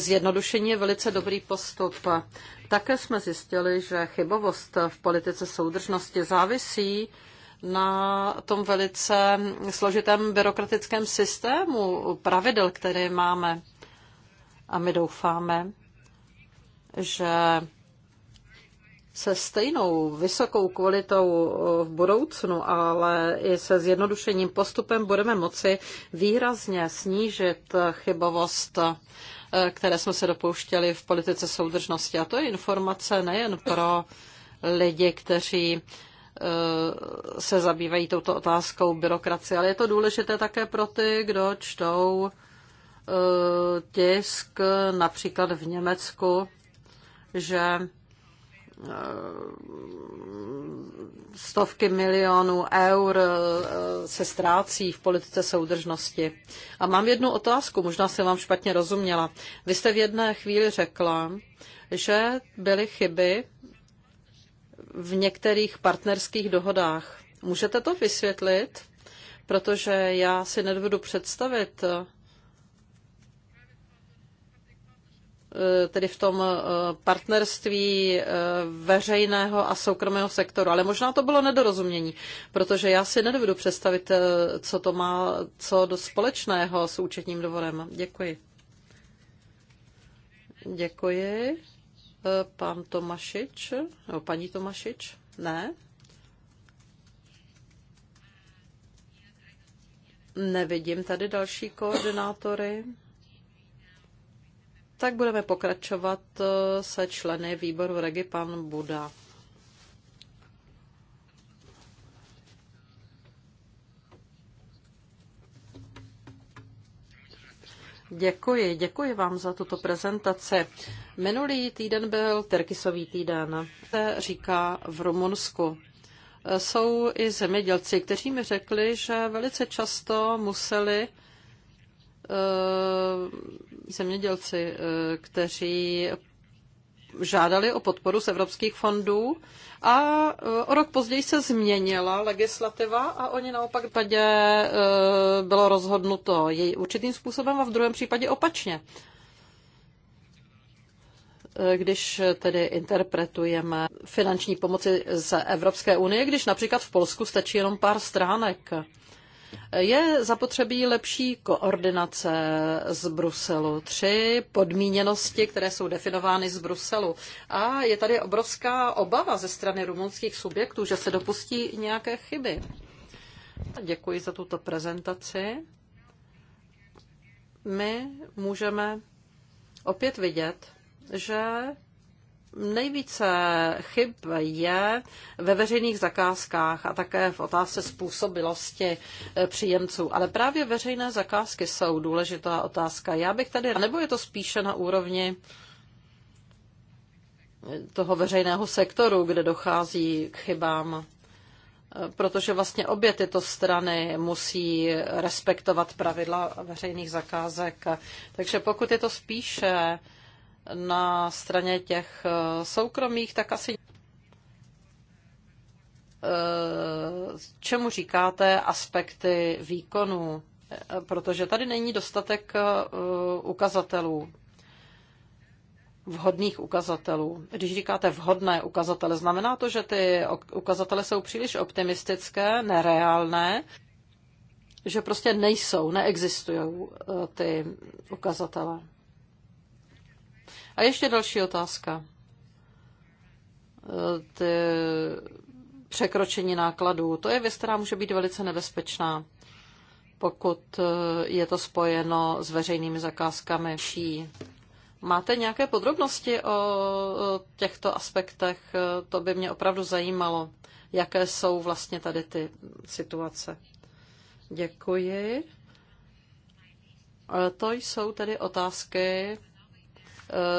zjednodušení, je velice dobrý postup. Také jsme zjistili, že chybovost v politice soudržnosti závisí na tom velice složitém byrokratickém systému pravidel, který máme. A my doufáme, že se stejnou vysokou kvalitou eh, v budoucnu, ale i se zjednodušením postupem budeme moci výrazně snížit eh, chybovost eh, které jsme se dopouštěli v politice soudržnosti. A to je informace nejen pro lidi, kteří se zabývají touto otázkou byrokracie, ale je to důležité také pro ty, kdo čtou tisk například v Německu, že Eh, stovky milionů eur eh, se ztrácí v politice soudržnosti. A mám jednu otázku, možná jsem vám špatně rozuměla. Vy jste v jedné chvíli řekla, že byly chyby v některých partnerských dohodách. Můžete to vysvětlit? Protože já si nedovedu představit, Eh, tedy v tom eh, partnerství eh, veřejného a soukromého sektoru. Ale možná to bylo nedorozumění, protože já si nedovedu představit, co to má co do společného s účetním dvorem. Děkuji. Děkuji. Pan Tomašič, nebo paní Tomašič? Ne? Nevidím tady další koordinátory tak budeme pokračovat eh, se členy výboru Regi pan Buda. Děkuji, děkuji vám za tuto prezentaci. Minulý týden byl Terkisový týden, se říká v Rumunsku. Eh, jsou i zemědělci, kteří mi řekli, že velice často museli Eh, zemědělci, eh, kteří žádali o podporu z evropských fondů a eh, o rok později se změnila legislativa a oni naopak v případě bylo rozhodnuto jej určitým způsobem a v druhém případě opačně. Když tedy interpretujeme finanční pomoci z Evropské unie, když například v Polsku stačí jenom pár stránek je zapotřebí lepší koordinace z Bruselu, tři podmíněnosti, které jsou definovány z Bruselu. A je tady obrovská obava ze strany rumunských subjektů, že se dopustí nějaké chyby. Děkuji za tuto prezentaci. My můžeme opět vidět, že Nejvíce chyb je ve veřejných zakázkách a také v otázce způsobilosti eh, příjemců. Ale právě veřejné zakázky jsou důležitá otázka. Já bych tady, nebo je to spíše na úrovni toho veřejného sektoru, kde dochází k chybám, eh, protože vlastně obě tyto strany musí respektovat pravidla veřejných zakázek. Eh, takže pokud je to spíše na straně těch eh, soukromých, tak asi eh, čemu říkáte aspekty výkonu, eh, protože tady není dostatek ukazatelů, vhodných ukazatelů. Když říkáte vhodné ukazatele, znamená to, že ty ukazatele jsou příliš optimistické, nereálné, že prostě nejsou, neexistují ty ukazatele. A ještě další otázka. E, ty překročení nákladů, to je věc, která může být velice nebezpečná, pokud e, je to spojeno s veřejnými zakázkami. Máte nějaké podrobnosti o těchto aspektech? E, to by mě opravdu zajímalo, jaké jsou vlastně tady ty situace. Děkuji. To jsou tedy otázky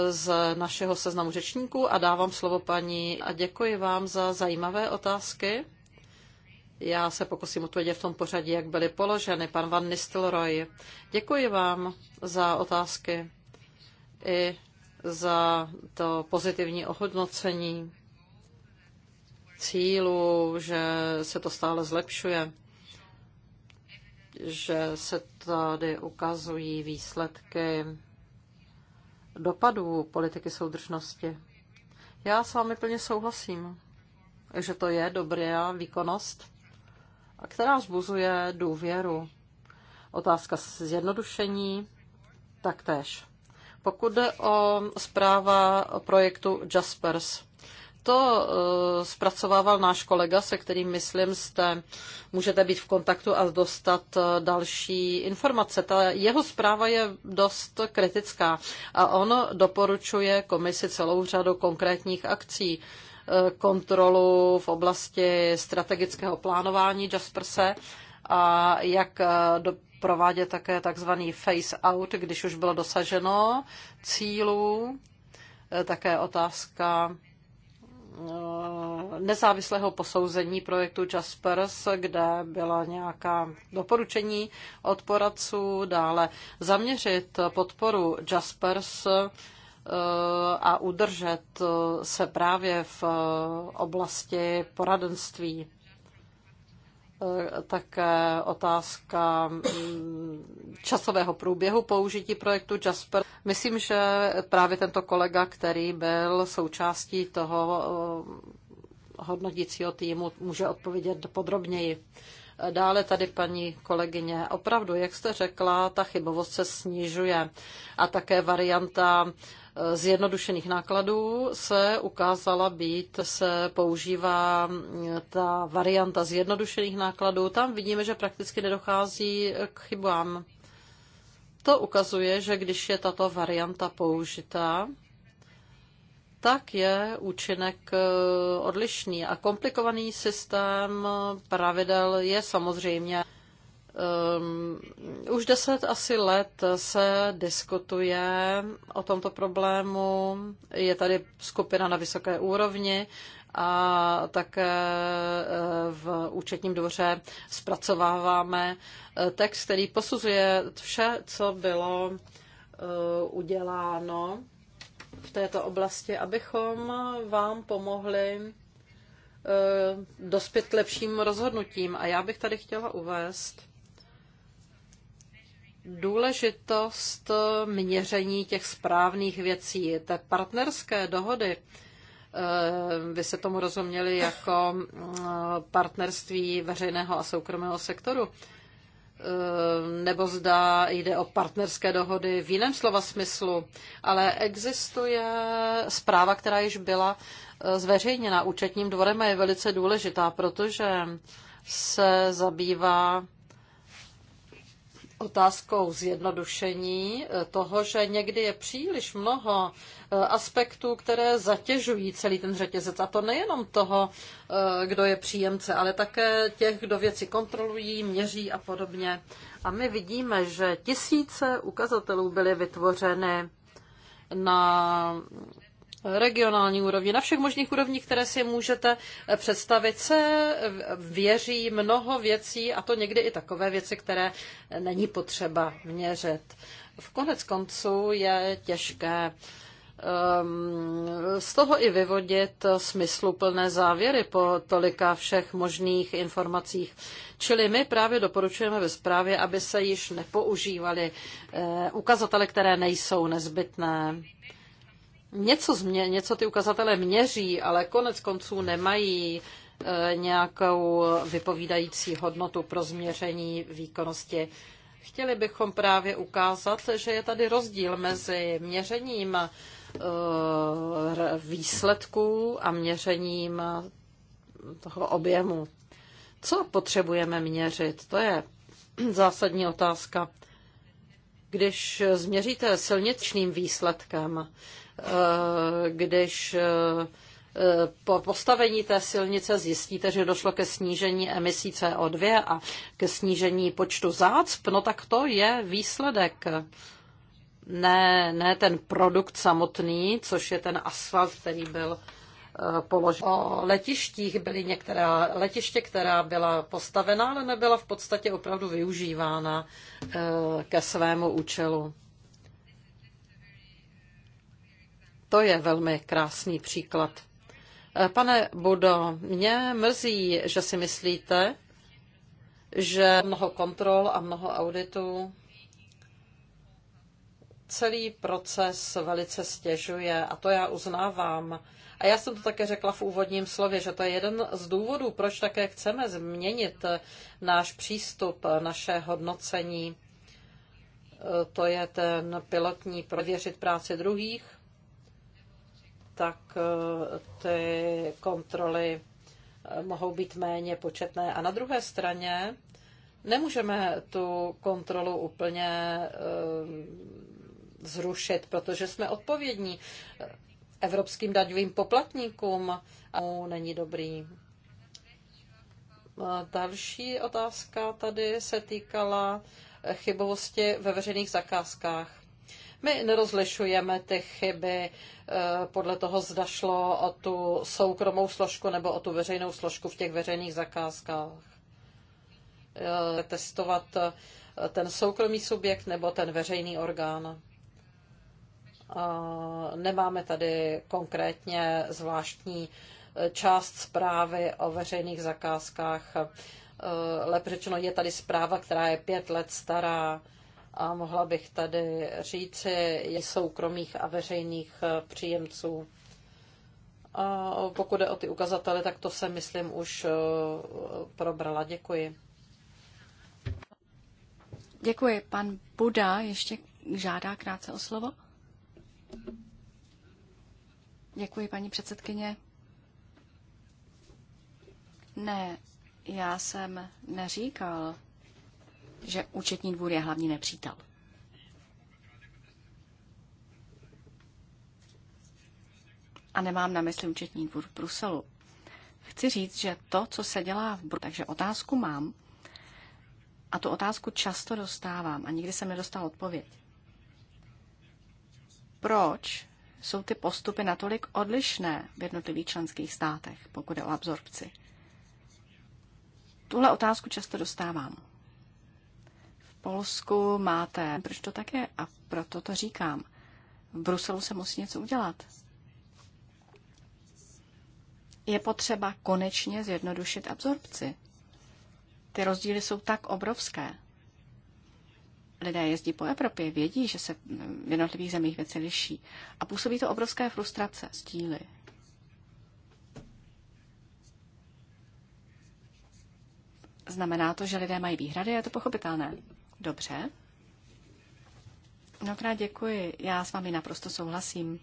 z našeho seznamu řečníků a dávám slovo paní a děkuji vám za zajímavé otázky. Já se pokusím odpovědět v tom pořadí, jak byly položeny. Pan Van Nistelrooy, děkuji vám za otázky i za to pozitivní ohodnocení cílu, že se to stále zlepšuje, že se tady ukazují výsledky dopadů politiky soudržnosti. Já s vámi plně souhlasím, že to je dobrá výkonnost, která zbuzuje důvěru. Otázka zjednodušení taktéž. Pokud jde o zpráva o projektu Jaspers, to eh, zpracovával náš kolega, se kterým, myslím, jste, můžete být v kontaktu a dostat eh, další informace. Ta jeho zpráva je dost kritická a on doporučuje komisi celou řadu konkrétních akcí eh, kontrolu v oblasti strategického plánování Jasperse a jak do, provádět také takzvaný face out, když už bylo dosaženo cílů, také otázka Eh, nezávislého posouzení projektu Jaspers, kde byla nějaká doporučení od poradců, dále zaměřit podporu Jaspers eh, a udržet eh, se právě v oblasti poradenství. Eh, také otázka mm, časového průběhu použití projektu Jasper. Myslím, že právě tento kolega, který byl součástí toho eh, hodnotícího týmu, může odpovědět podrobněji. Dále tady paní kolegyně, opravdu, jak jste řekla, ta chybovost se snižuje a také varianta Eh, zjednodušených nákladů se ukázala být, se používá mm, ta varianta zjednodušených nákladů. Tam vidíme, že prakticky nedochází k chybám. To ukazuje, že když je tato varianta použitá, tak je účinek eh, odlišný a komplikovaný systém eh, pravidel je samozřejmě Um, už deset asi let se diskutuje o tomto problému. Je tady skupina na vysoké úrovni a také eh, v účetním dvoře zpracováváme eh, text, který posuzuje vše, co bylo eh, uděláno v této oblasti, abychom vám pomohli dospět k lepším rozhodnutím. A já bych tady chtěla uvést, důležitost eh, měření těch správných věcí, té partnerské dohody. Eh, vy se tomu rozuměli jako mm, partnerství veřejného a soukromého sektoru eh, nebo zda jde o partnerské dohody v jiném slova smyslu, ale existuje zpráva, která již byla zveřejněna účetním dvorem a je velice důležitá, protože se zabývá otázkou zjednodušení eh, toho, že někdy je příliš mnoho eh, aspektů, které zatěžují celý ten řetězec. A to nejenom toho, eh, kdo je příjemce, ale také těch, kdo věci kontrolují, měří a podobně. A my vidíme, že tisíce ukazatelů byly vytvořeny na regionální úrovni, na všech možných úrovních, které si můžete eh, představit, se eh, věří mnoho věcí a to někdy i takové věci, které eh, není potřeba měřit. V konec konců je těžké ehm, z toho i vyvodit smysluplné závěry po tolika všech možných informacích. Čili my právě doporučujeme ve zprávě, aby se již nepoužívaly ukazatele, které nejsou nezbytné něco, změ, něco ty ukazatele měří, ale konec konců nemají eh, nějakou vypovídající hodnotu pro změření výkonnosti. Chtěli bychom právě ukázat, že je tady rozdíl mezi měřením eh, výsledků a měřením toho objemu. Co potřebujeme měřit? To je zásadní otázka. Když změříte silničným výsledkem, Eh, když eh, po postavení té silnice zjistíte, že došlo ke snížení emisí CO2 a ke snížení počtu zácp, no tak to je výsledek. Ne, ne ten produkt samotný, což je ten asfalt, který byl eh, položen. O letištích byly některá letiště, která byla postavená, ale nebyla v podstatě opravdu využívána ke svému účelu. To je velmi krásný příklad. Eh, pane Budo, mě mrzí, že si myslíte, že mnoho kontrol a mnoho auditů celý proces velice stěžuje a to já uznávám. A já jsem to také řekla v úvodním slově, že to je jeden z důvodů, proč také chceme změnit eh, náš přístup, eh, naše hodnocení. To je ten pilotní prověřit práci druhých, tak eh, ty kontroly eh, mohou být méně početné. A na druhé straně nemůžeme tu kontrolu úplně eh, zrušit, protože jsme odpovědní evropským daňovým poplatníkům a není dobrý. Další otázka tady se týkala chybovosti ve veřejných zakázkách. My nerozlišujeme ty chyby eh, podle toho, zda šlo o tu soukromou složku nebo o tu veřejnou složku v těch veřejných zakázkách. Eh, testovat eh, ten soukromý subjekt nebo ten veřejný orgán. Nemáme tady konkrétně zvláštní část zprávy o veřejných zakázkách. Lepřečeno je tady zpráva, která je pět let stará a mohla bych tady říci soukromých a veřejných eh, příjemců. A pokud jde o ty ukazatele, tak to se, myslím, už eh, probrala. Děkuji. Děkuji. Pan Buda ještě žádá krátce o slovo. Děkuji, paní předsedkyně. Ne, já jsem neříkal, že účetní dvůr je hlavní nepřítel. A nemám na mysli účetní dvůr v Bruselu. Chci říct, že to, co se dělá v Bruselu, takže otázku mám a tu otázku často dostávám a nikdy jsem nedostal odpověď. Proč jsou ty postupy natolik odlišné v jednotlivých členských státech, pokud je o absorpci? Tuhle otázku často dostávám. Polsku máte. Proč to tak je? A proto to říkám. V Bruselu se musí něco udělat. Je potřeba konečně zjednodušit absorpci. Ty rozdíly jsou tak obrovské. Lidé jezdí po Evropě, vědí, že se v jednotlivých zemích věci liší. A působí to obrovské frustrace, stíly, Znamená to, že lidé mají výhrady, je to pochopitelné. Dobře. Mnohokrát děkuji. Já s vámi naprosto souhlasím.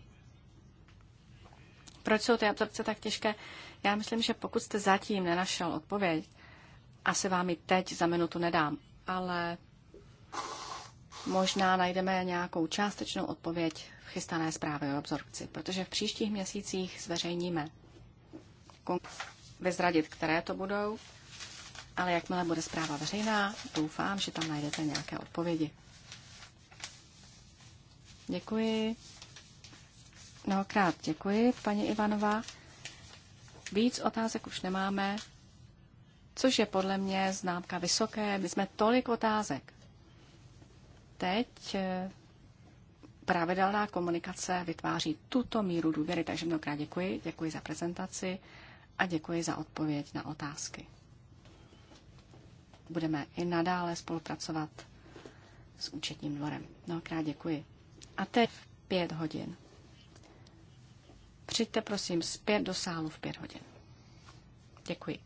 Proč jsou ty absorpce tak těžké? Já myslím, že pokud jste zatím nenašel odpověď, asi vám ji teď za minutu nedám, ale možná najdeme nějakou částečnou odpověď v chystané zprávě o absorpci, protože v příštích měsících zveřejníme vyzradit, které to budou ale jakmile bude zpráva veřejná, doufám, že tam najdete nějaké odpovědi. Děkuji. Mnohokrát děkuji, paní Ivanová. Víc otázek už nemáme, což je podle mě známka vysoké. My jsme tolik otázek. Teď eh, pravidelná komunikace vytváří tuto míru důvěry, takže mnohokrát děkuji. Děkuji za prezentaci a děkuji za odpověď na otázky budeme i nadále spolupracovat s účetním dvorem. Mnohokrát děkuji. A teď v pět hodin. Přijďte prosím zpět do sálu v pět hodin. Děkuji.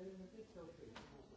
Thank you.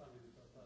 pan editor, ta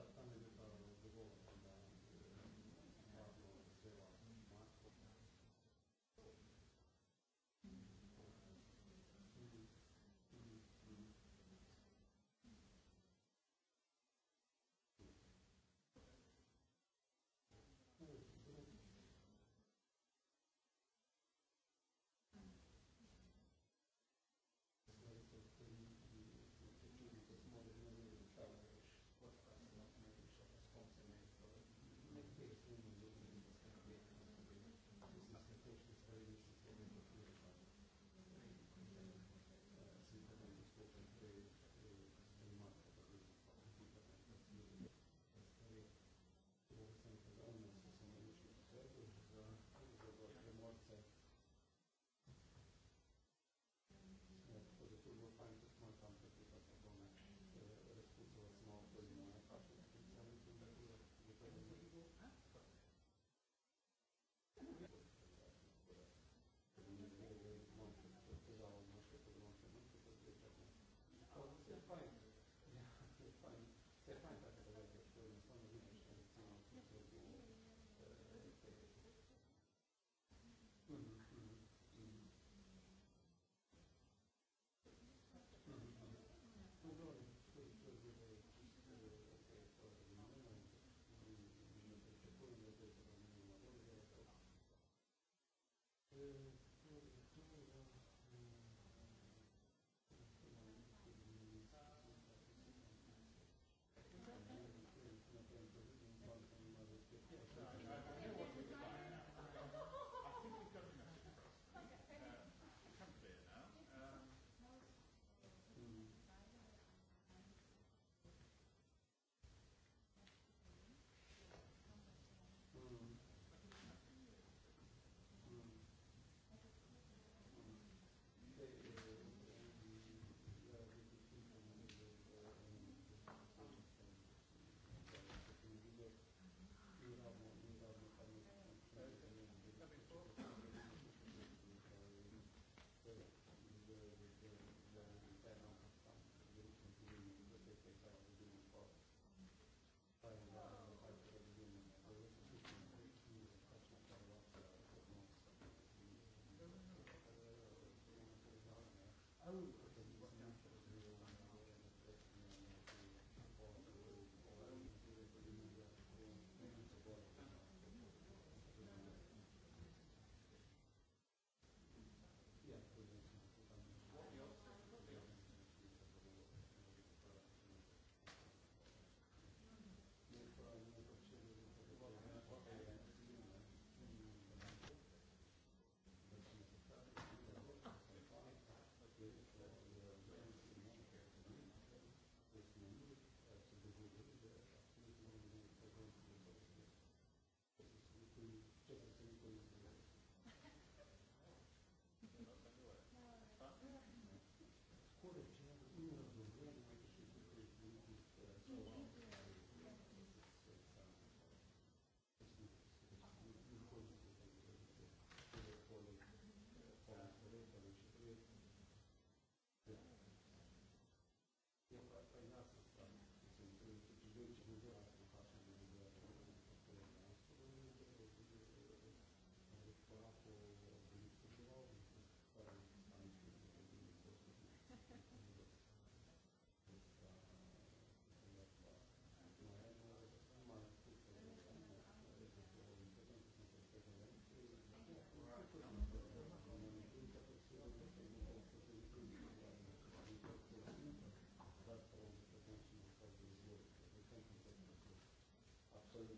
Thank you.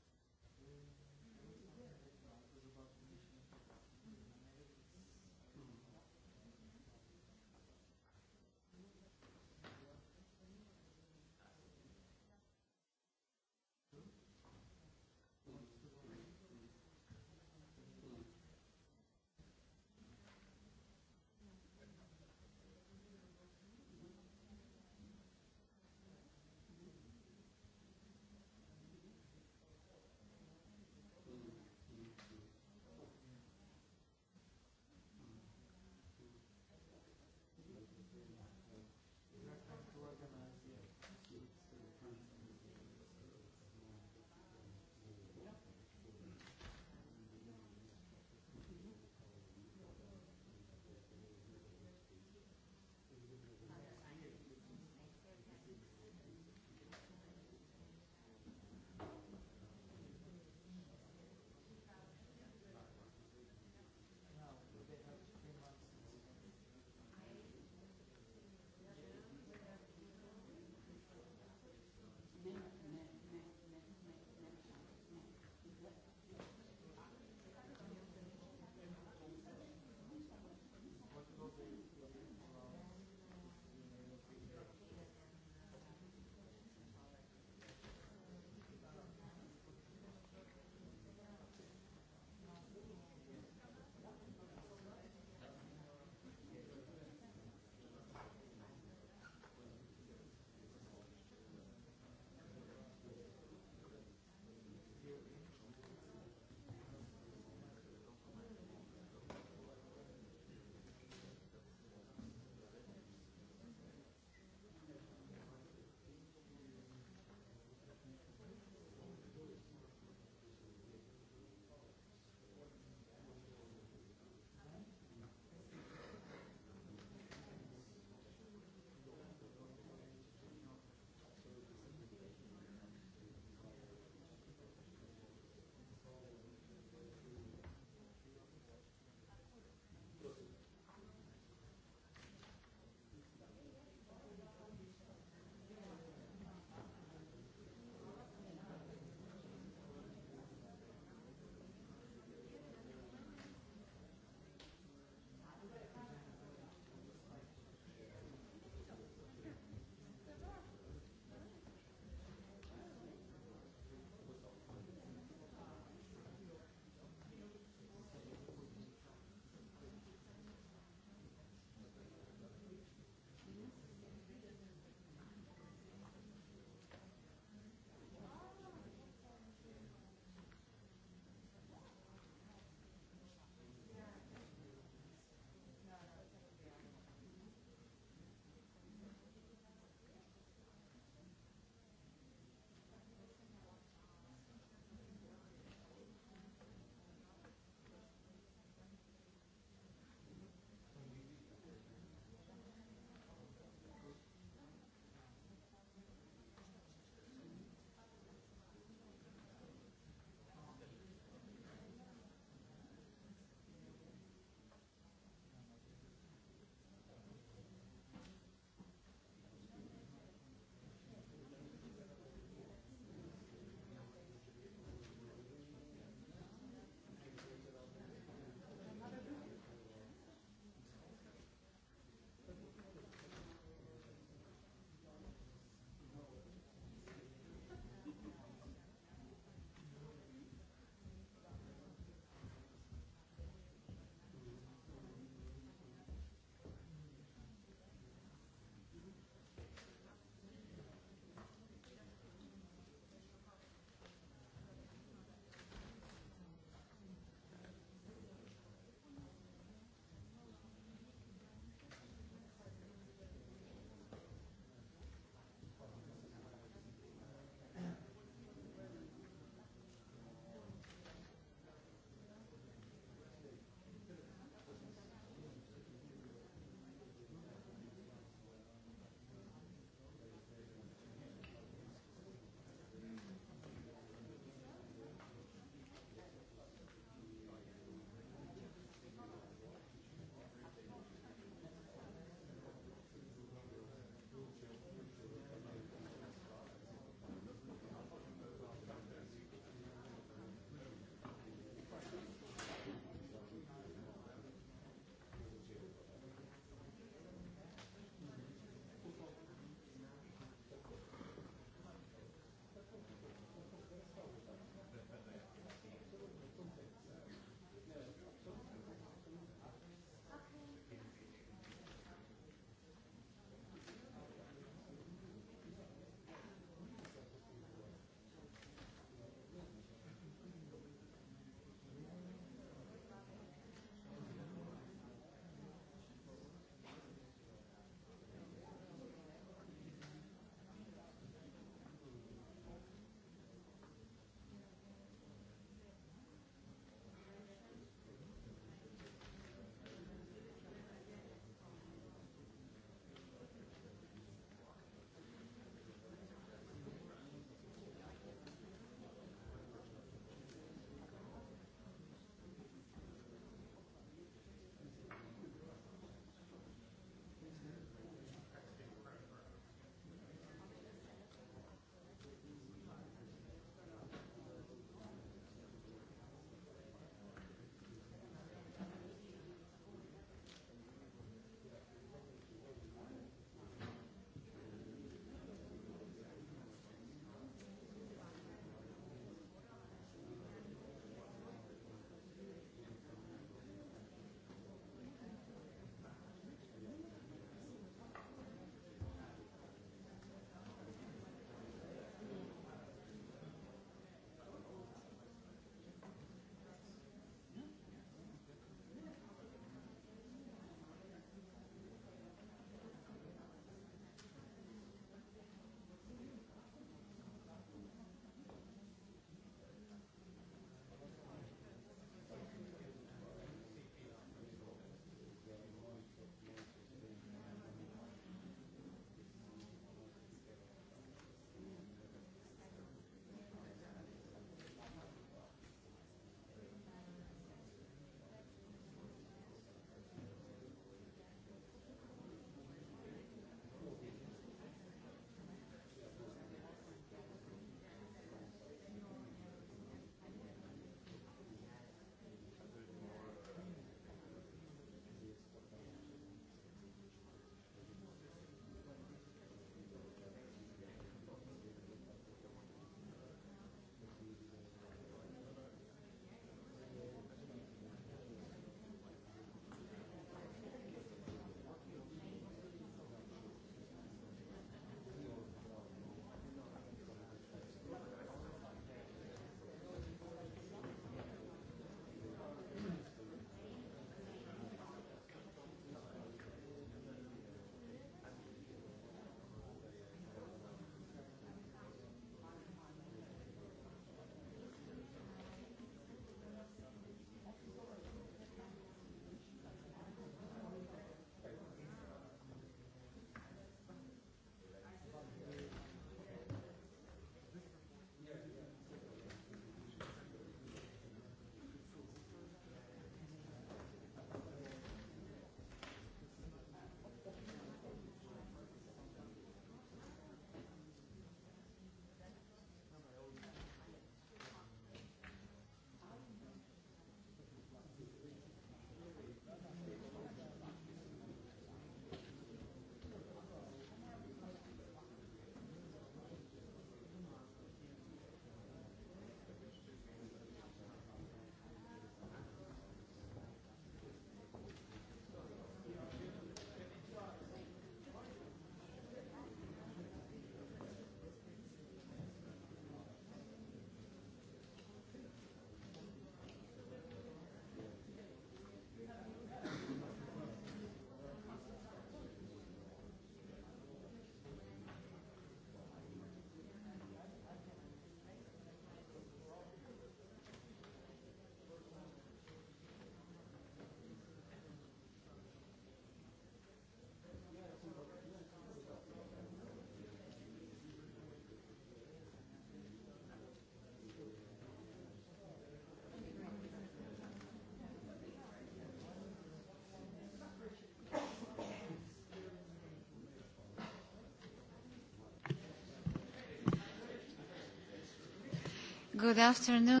Good afternoon.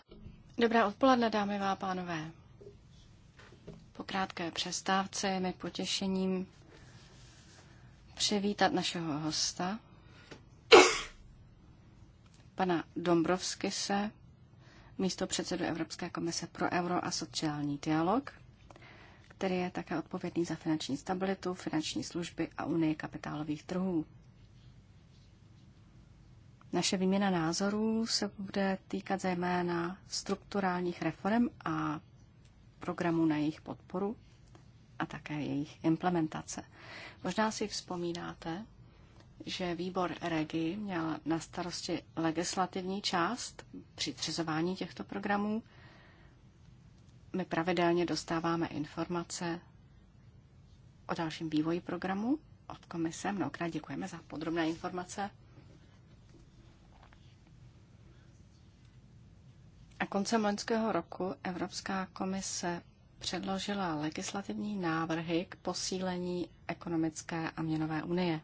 Dobré odpoledne, dámy a pánové. Po krátké přestávce je mi potěšením přivítat našeho hosta, pana Dombrovskise, místo předsedu Evropské komise pro euro a sociální dialog, který je také odpovědný za finanční stabilitu, finanční služby a unii kapitálových trhů. Naše výměna názorů se bude týkat zejména strukturálních reform a programů na jejich podporu a také jejich implementace. Možná si vzpomínáte, že výbor REGI měl na starosti legislativní část při třizování těchto programů. My pravidelně dostáváme informace o dalším vývoji programu od komise. Mnohokrát děkujeme za podrobné informace. A koncem loňského roku Evropská komise předložila legislativní návrhy k posílení ekonomické a měnové unie.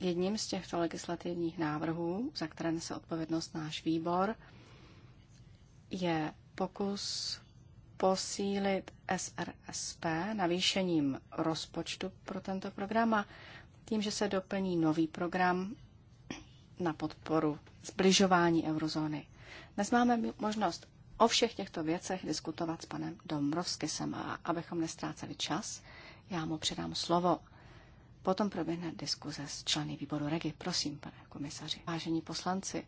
Jedním z těchto legislativních návrhů, za které nese odpovědnost náš výbor, je pokus posílit SRSP navýšením rozpočtu pro tento program a tím, že se doplní nový program na podporu zbližování eurozóny. Dnes máme možnost o všech těchto věcech diskutovat s panem Domrovskisem a abychom nestráceli čas, já mu předám slovo. Potom proběhne diskuze s členy výboru Regi. Prosím, pane komisaři. Vážení poslanci,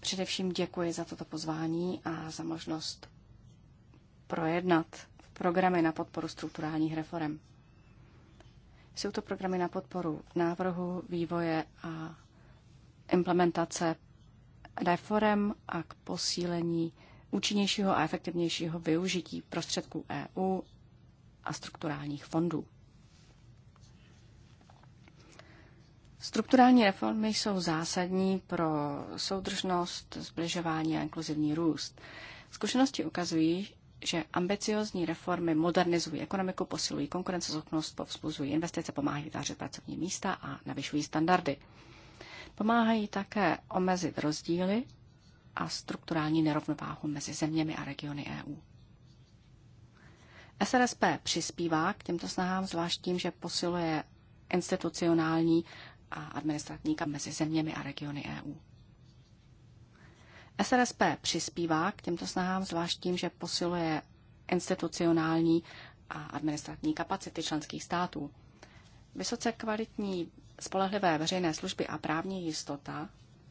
především děkuji za toto pozvání a za možnost projednat programy na podporu strukturálních reform. Jsou to programy na podporu návrhu, vývoje a implementace reform a k posílení účinnějšího a efektivnějšího využití prostředků EU a strukturálních fondů. Strukturální reformy jsou zásadní pro soudržnost, zbližování a inkluzivní růst. Zkušenosti ukazují, že ambiciozní reformy modernizují ekonomiku, posilují konkurenceschopnost, povzbuzují investice, pomáhají vytvářet pracovní místa a navyšují standardy. Pomáhají také omezit rozdíly a strukturální nerovnováhu mezi zeměmi a regiony EU. SRSP přispívá k těmto snahám zvlášť tím, že posiluje institucionální a administrativní mezi zeměmi a regiony EU. SRSP přispívá k těmto snahám zvlášť tím, že posiluje institucionální a administrativní kapacity členských států. Vysoce kvalitní spolehlivé veřejné služby a právní jistota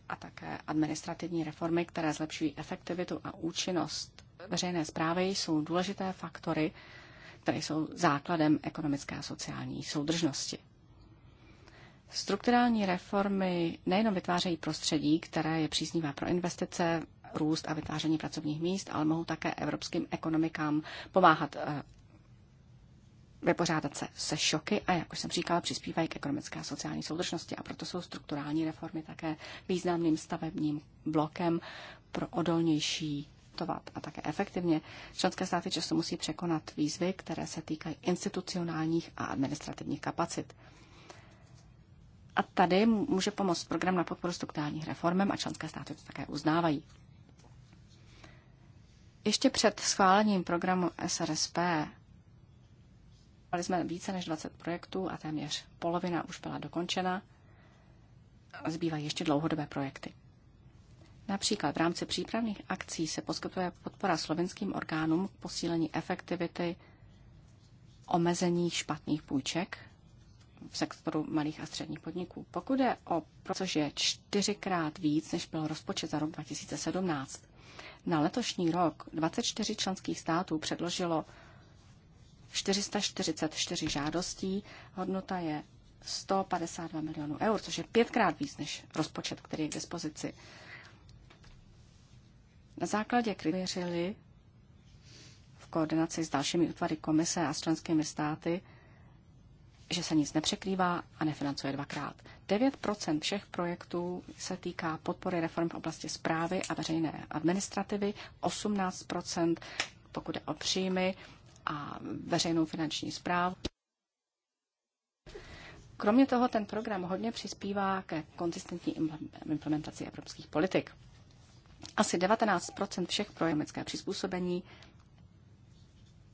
a také administrativní reformy, které zlepšují efektivitu a účinnost veřejné zprávy, jsou důležité faktory, které jsou základem ekonomické a sociální soudržnosti. Strukturální reformy nejenom vytvářejí prostředí, které je příznivé pro investice, růst a vytváření pracovních míst, ale mohou také evropským ekonomikám pomáhat eh, vypořádat se se šoky a, jak už jsem říkala, přispívají k ekonomické a sociální soudržnosti. A proto jsou strukturální reformy také významným stavebním blokem pro odolnější tovat a také efektivně. Členské státy často musí překonat výzvy, které se týkají institucionálních a administrativních kapacit. A tady může pomoct program na podporu strukturálních reformem a členské státy to také uznávají. Ještě před schválením programu SRSP jsme více než 20 projektů a téměř polovina už byla dokončena. Zbývají ještě dlouhodobé projekty. Například v rámci přípravných akcí se poskytuje podpora slovenským orgánům k posílení efektivity omezení špatných půjček v sektoru malých a středních podniků. Pokud je o což je čtyřikrát víc, než byl rozpočet za rok 2017. Na letošní rok 24 členských států předložilo 444 žádostí. Hodnota je 152 milionů eur, což je pětkrát víc než rozpočet, který je k dispozici. Na základě kritérií v koordinaci s dalšími útvary komise a s členskými státy že se nic nepřekrývá a nefinancuje dvakrát. 9 všech projektů se týká podpory reform v oblasti zprávy a veřejné administrativy, 18 pokud je o příjmy a veřejnou finanční zprávu. Kromě toho ten program hodně přispívá ke konzistentní implementaci evropských politik. Asi 19 všech projektů přizpůsobení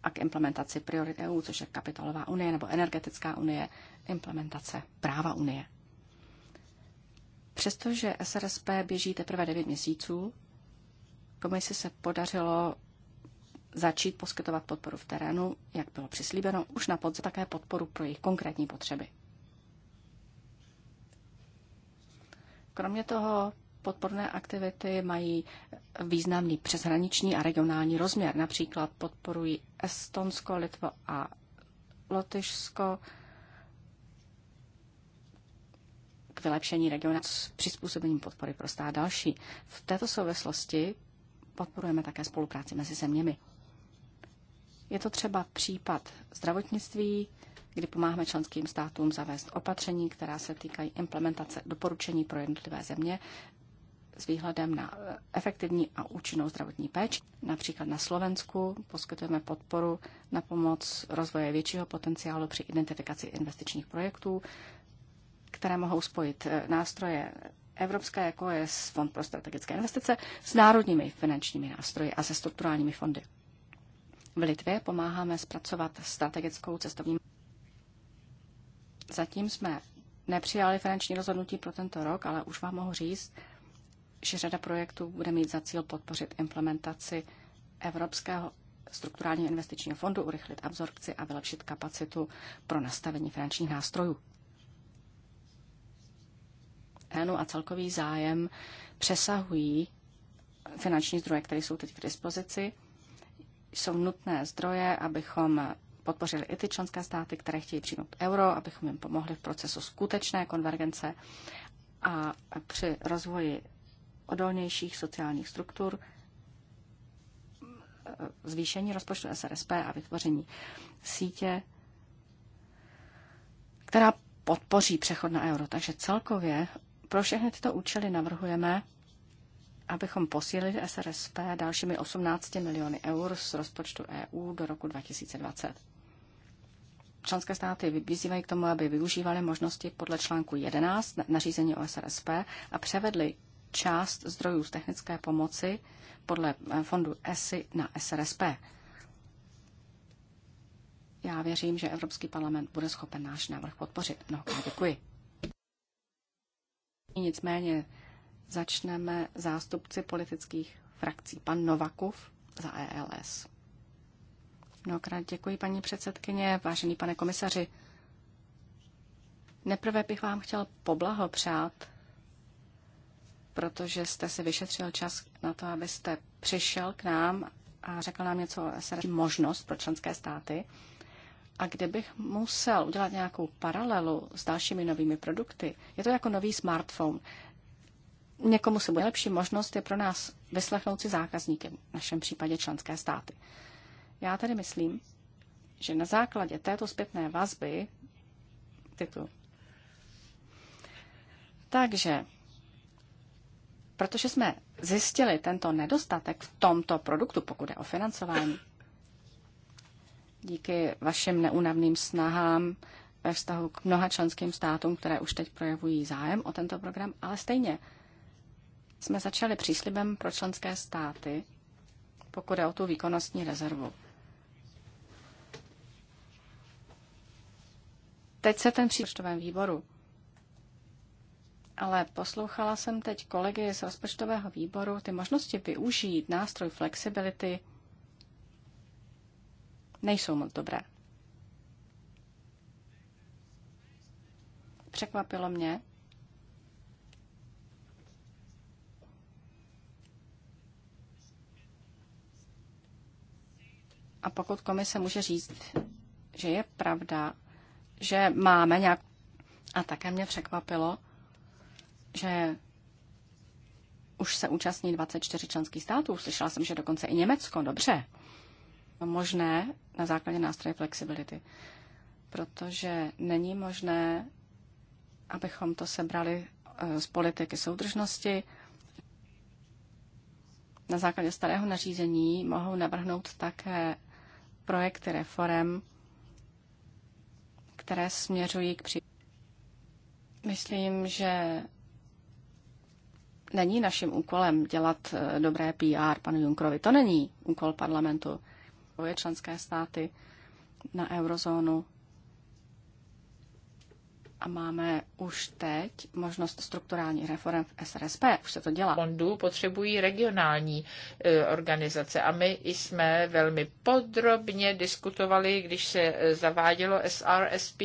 a k implementaci priorit EU, což je kapitolová unie nebo energetická unie, implementace práva unie. Přestože SRSP běží teprve 9 měsíců, komisi se podařilo začít poskytovat podporu v terénu, jak bylo přislíbeno, už na podze také podporu pro jejich konkrétní potřeby. Kromě toho podporné aktivity mají významný přeshraniční a regionální rozměr. Například podporují Estonsko, Litvo a Lotyšsko k vylepšení regionu s přizpůsobením podpory pro stát další. V této souvislosti podporujeme také spolupráci mezi zeměmi. Je to třeba případ zdravotnictví, kdy pomáháme členským státům zavést opatření, která se týkají implementace doporučení pro jednotlivé země s výhledem na eh, efektivní a účinnou zdravotní péči. Například na Slovensku poskytujeme podporu na pomoc rozvoje většího potenciálu při identifikaci investičních projektů, které mohou spojit eh, nástroje Evropské, jako e je Fond pro strategické investice, s národními finančními nástroji a se strukturálními fondy. V Litvě pomáháme zpracovat strategickou cestovní. Zatím jsme nepřijali finanční rozhodnutí pro tento rok, ale už vám mohu říct, že řada projektů bude mít za cíl podpořit implementaci Evropského strukturálního investičního fondu, urychlit absorpci a vylepšit kapacitu pro nastavení finančních nástrojů. ENU a celkový zájem přesahují finanční zdroje, které jsou teď k dispozici. Jsou nutné zdroje, abychom podpořili i ty členské státy, které chtějí přijmout euro, abychom jim pomohli v procesu skutečné konvergence a při rozvoji odolnějších sociálních struktur, zvýšení rozpočtu SRSP a vytvoření sítě, která podpoří přechod na euro. Takže celkově pro všechny tyto účely navrhujeme, abychom posílili SRSP dalšími 18 miliony eur z rozpočtu EU do roku 2020. Členské státy vybízívají k tomu, aby využívali možnosti podle článku 11 nařízení o SRSP a převedli část zdrojů z technické pomoci podle eh, fondu ESI na SRSP. Já věřím, že Evropský parlament bude schopen náš návrh podpořit. Mnohokrát děkuji. Nicméně začneme zástupci politických frakcí. Pan Novakov za ELS. Mnohokrát děkuji, paní předsedkyně, vážený pane komisaři. Neprve bych vám chtěl poblahopřát protože jste si vyšetřil čas na to, abyste přišel k nám a řekl nám něco o SRS, možnost pro členské státy. A kdybych musel udělat nějakou paralelu s dalšími novými produkty, je to jako nový smartphone. Někomu se bude lepší možnost je pro nás vyslechnout si zákazníky, v našem případě členské státy. Já tedy myslím, že na základě této zpětné vazby, titul. Takže Protože jsme zjistili tento nedostatek v tomto produktu, pokud je o financování, díky vašim neunavným snahám ve vztahu k mnoha členským státům, které už teď projevují zájem o tento program, ale stejně jsme začali příslibem pro členské státy, pokud je o tu výkonnostní rezervu. Teď se ten příští výboru ale poslouchala jsem teď kolegy z rozpočtového výboru, ty možnosti využít nástroj flexibility nejsou moc dobré. Překvapilo mě, A pokud komise může říct, že je pravda, že máme nějak... A také mě překvapilo, že už se účastní 24 členských států. Slyšela jsem, že dokonce i Německo. Dobře. No, možné na základě nástroje flexibility. Protože není možné, abychom to sebrali eh, z politiky soudržnosti. Na základě starého nařízení mohou navrhnout také projekty reform, které směřují k při... Myslím, že není naším úkolem dělat eh, dobré PR panu Junkrovi. To není úkol parlamentu. Je členské státy na eurozónu a máme už teď možnost strukturální reform v SRSP. Už se to dělá. Fondů potřebují regionální e, organizace a my jsme velmi podrobně diskutovali, když se e, zavádělo SRSP,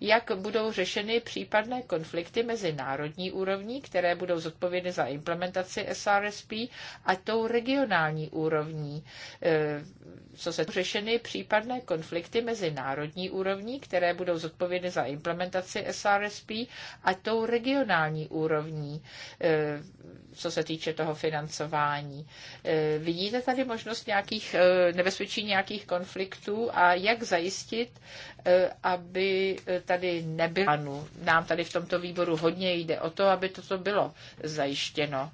jak budou řešeny případné konflikty mezi národní úrovní, které budou zodpovědny za implementaci SRSP a tou regionální úrovní. E, co se řešeny případné konflikty mezi národní úrovní, které budou zodpovědny za implementaci SRSP SRSP, a tou regionální úrovní, eh, co se týče toho financování. Eh, vidíte tady možnost nějakých eh, nebezpečí nějakých konfliktů a jak zajistit, aby tady nebylo. Nám tady v tomto výboru hodně jde o to, aby toto bylo zajištěno.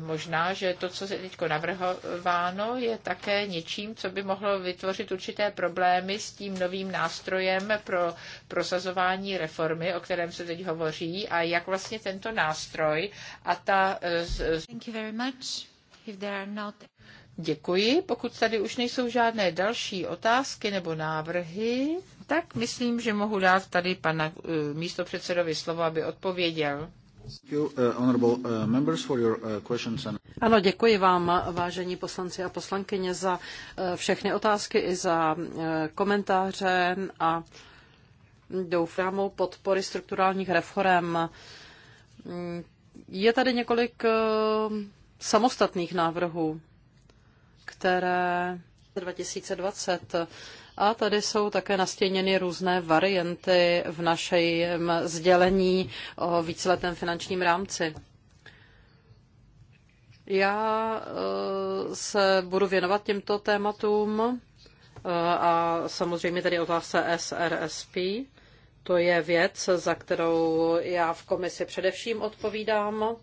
Možná, že to, co se teď navrhováno, je také něčím, co by mohlo vytvořit určité problémy s tím novým nástrojem pro prosazování reformy programy, o kterém se teď hovoří, a jak vlastně tento nástroj a ta... E, Thank you very much. If there are not... Děkuji. Pokud tady už nejsou žádné další otázky nebo návrhy, tak myslím, že mohu dát tady pana e, místopředsedovi slovo, aby odpověděl. E, ano, děkuji vám, vážení poslanci a poslankyně, za všechny otázky i za komentáře a doufám, podpory strukturálních reform. Je tady několik eh, samostatných návrhů, které 2020 a tady jsou také nastěněny různé varianty v našem sdělení o víceletém finančním rámci. Já eh, se budu věnovat těmto tématům eh, a samozřejmě tedy otázce SRSP. To je věc, za kterou já v komisi především odpovídám.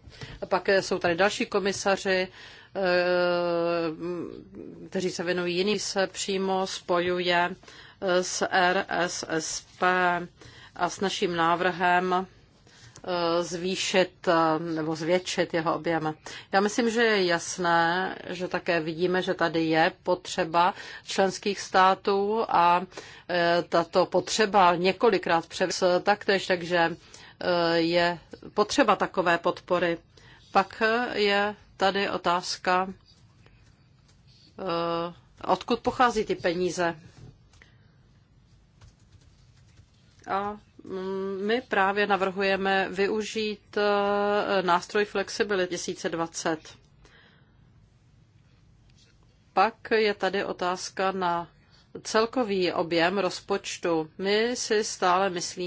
Pak jsou tady další komisaři, eh, kteří se věnují jiným, se přímo spojuje s RSSP a s naším návrhem Eh, zvýšit eh, nebo zvětšit jeho objem. Já myslím, že je jasné, že také vidíme, že tady je potřeba členských států a eh, tato potřeba několikrát převis taktéž, takže je potřeba takové podpory. Pak je tady otázka, odkud pochází ty peníze. A my právě navrhujeme využít eh, nástroj Flexibility 2020. Pak je tady otázka na celkový objem rozpočtu. My si stále myslíme,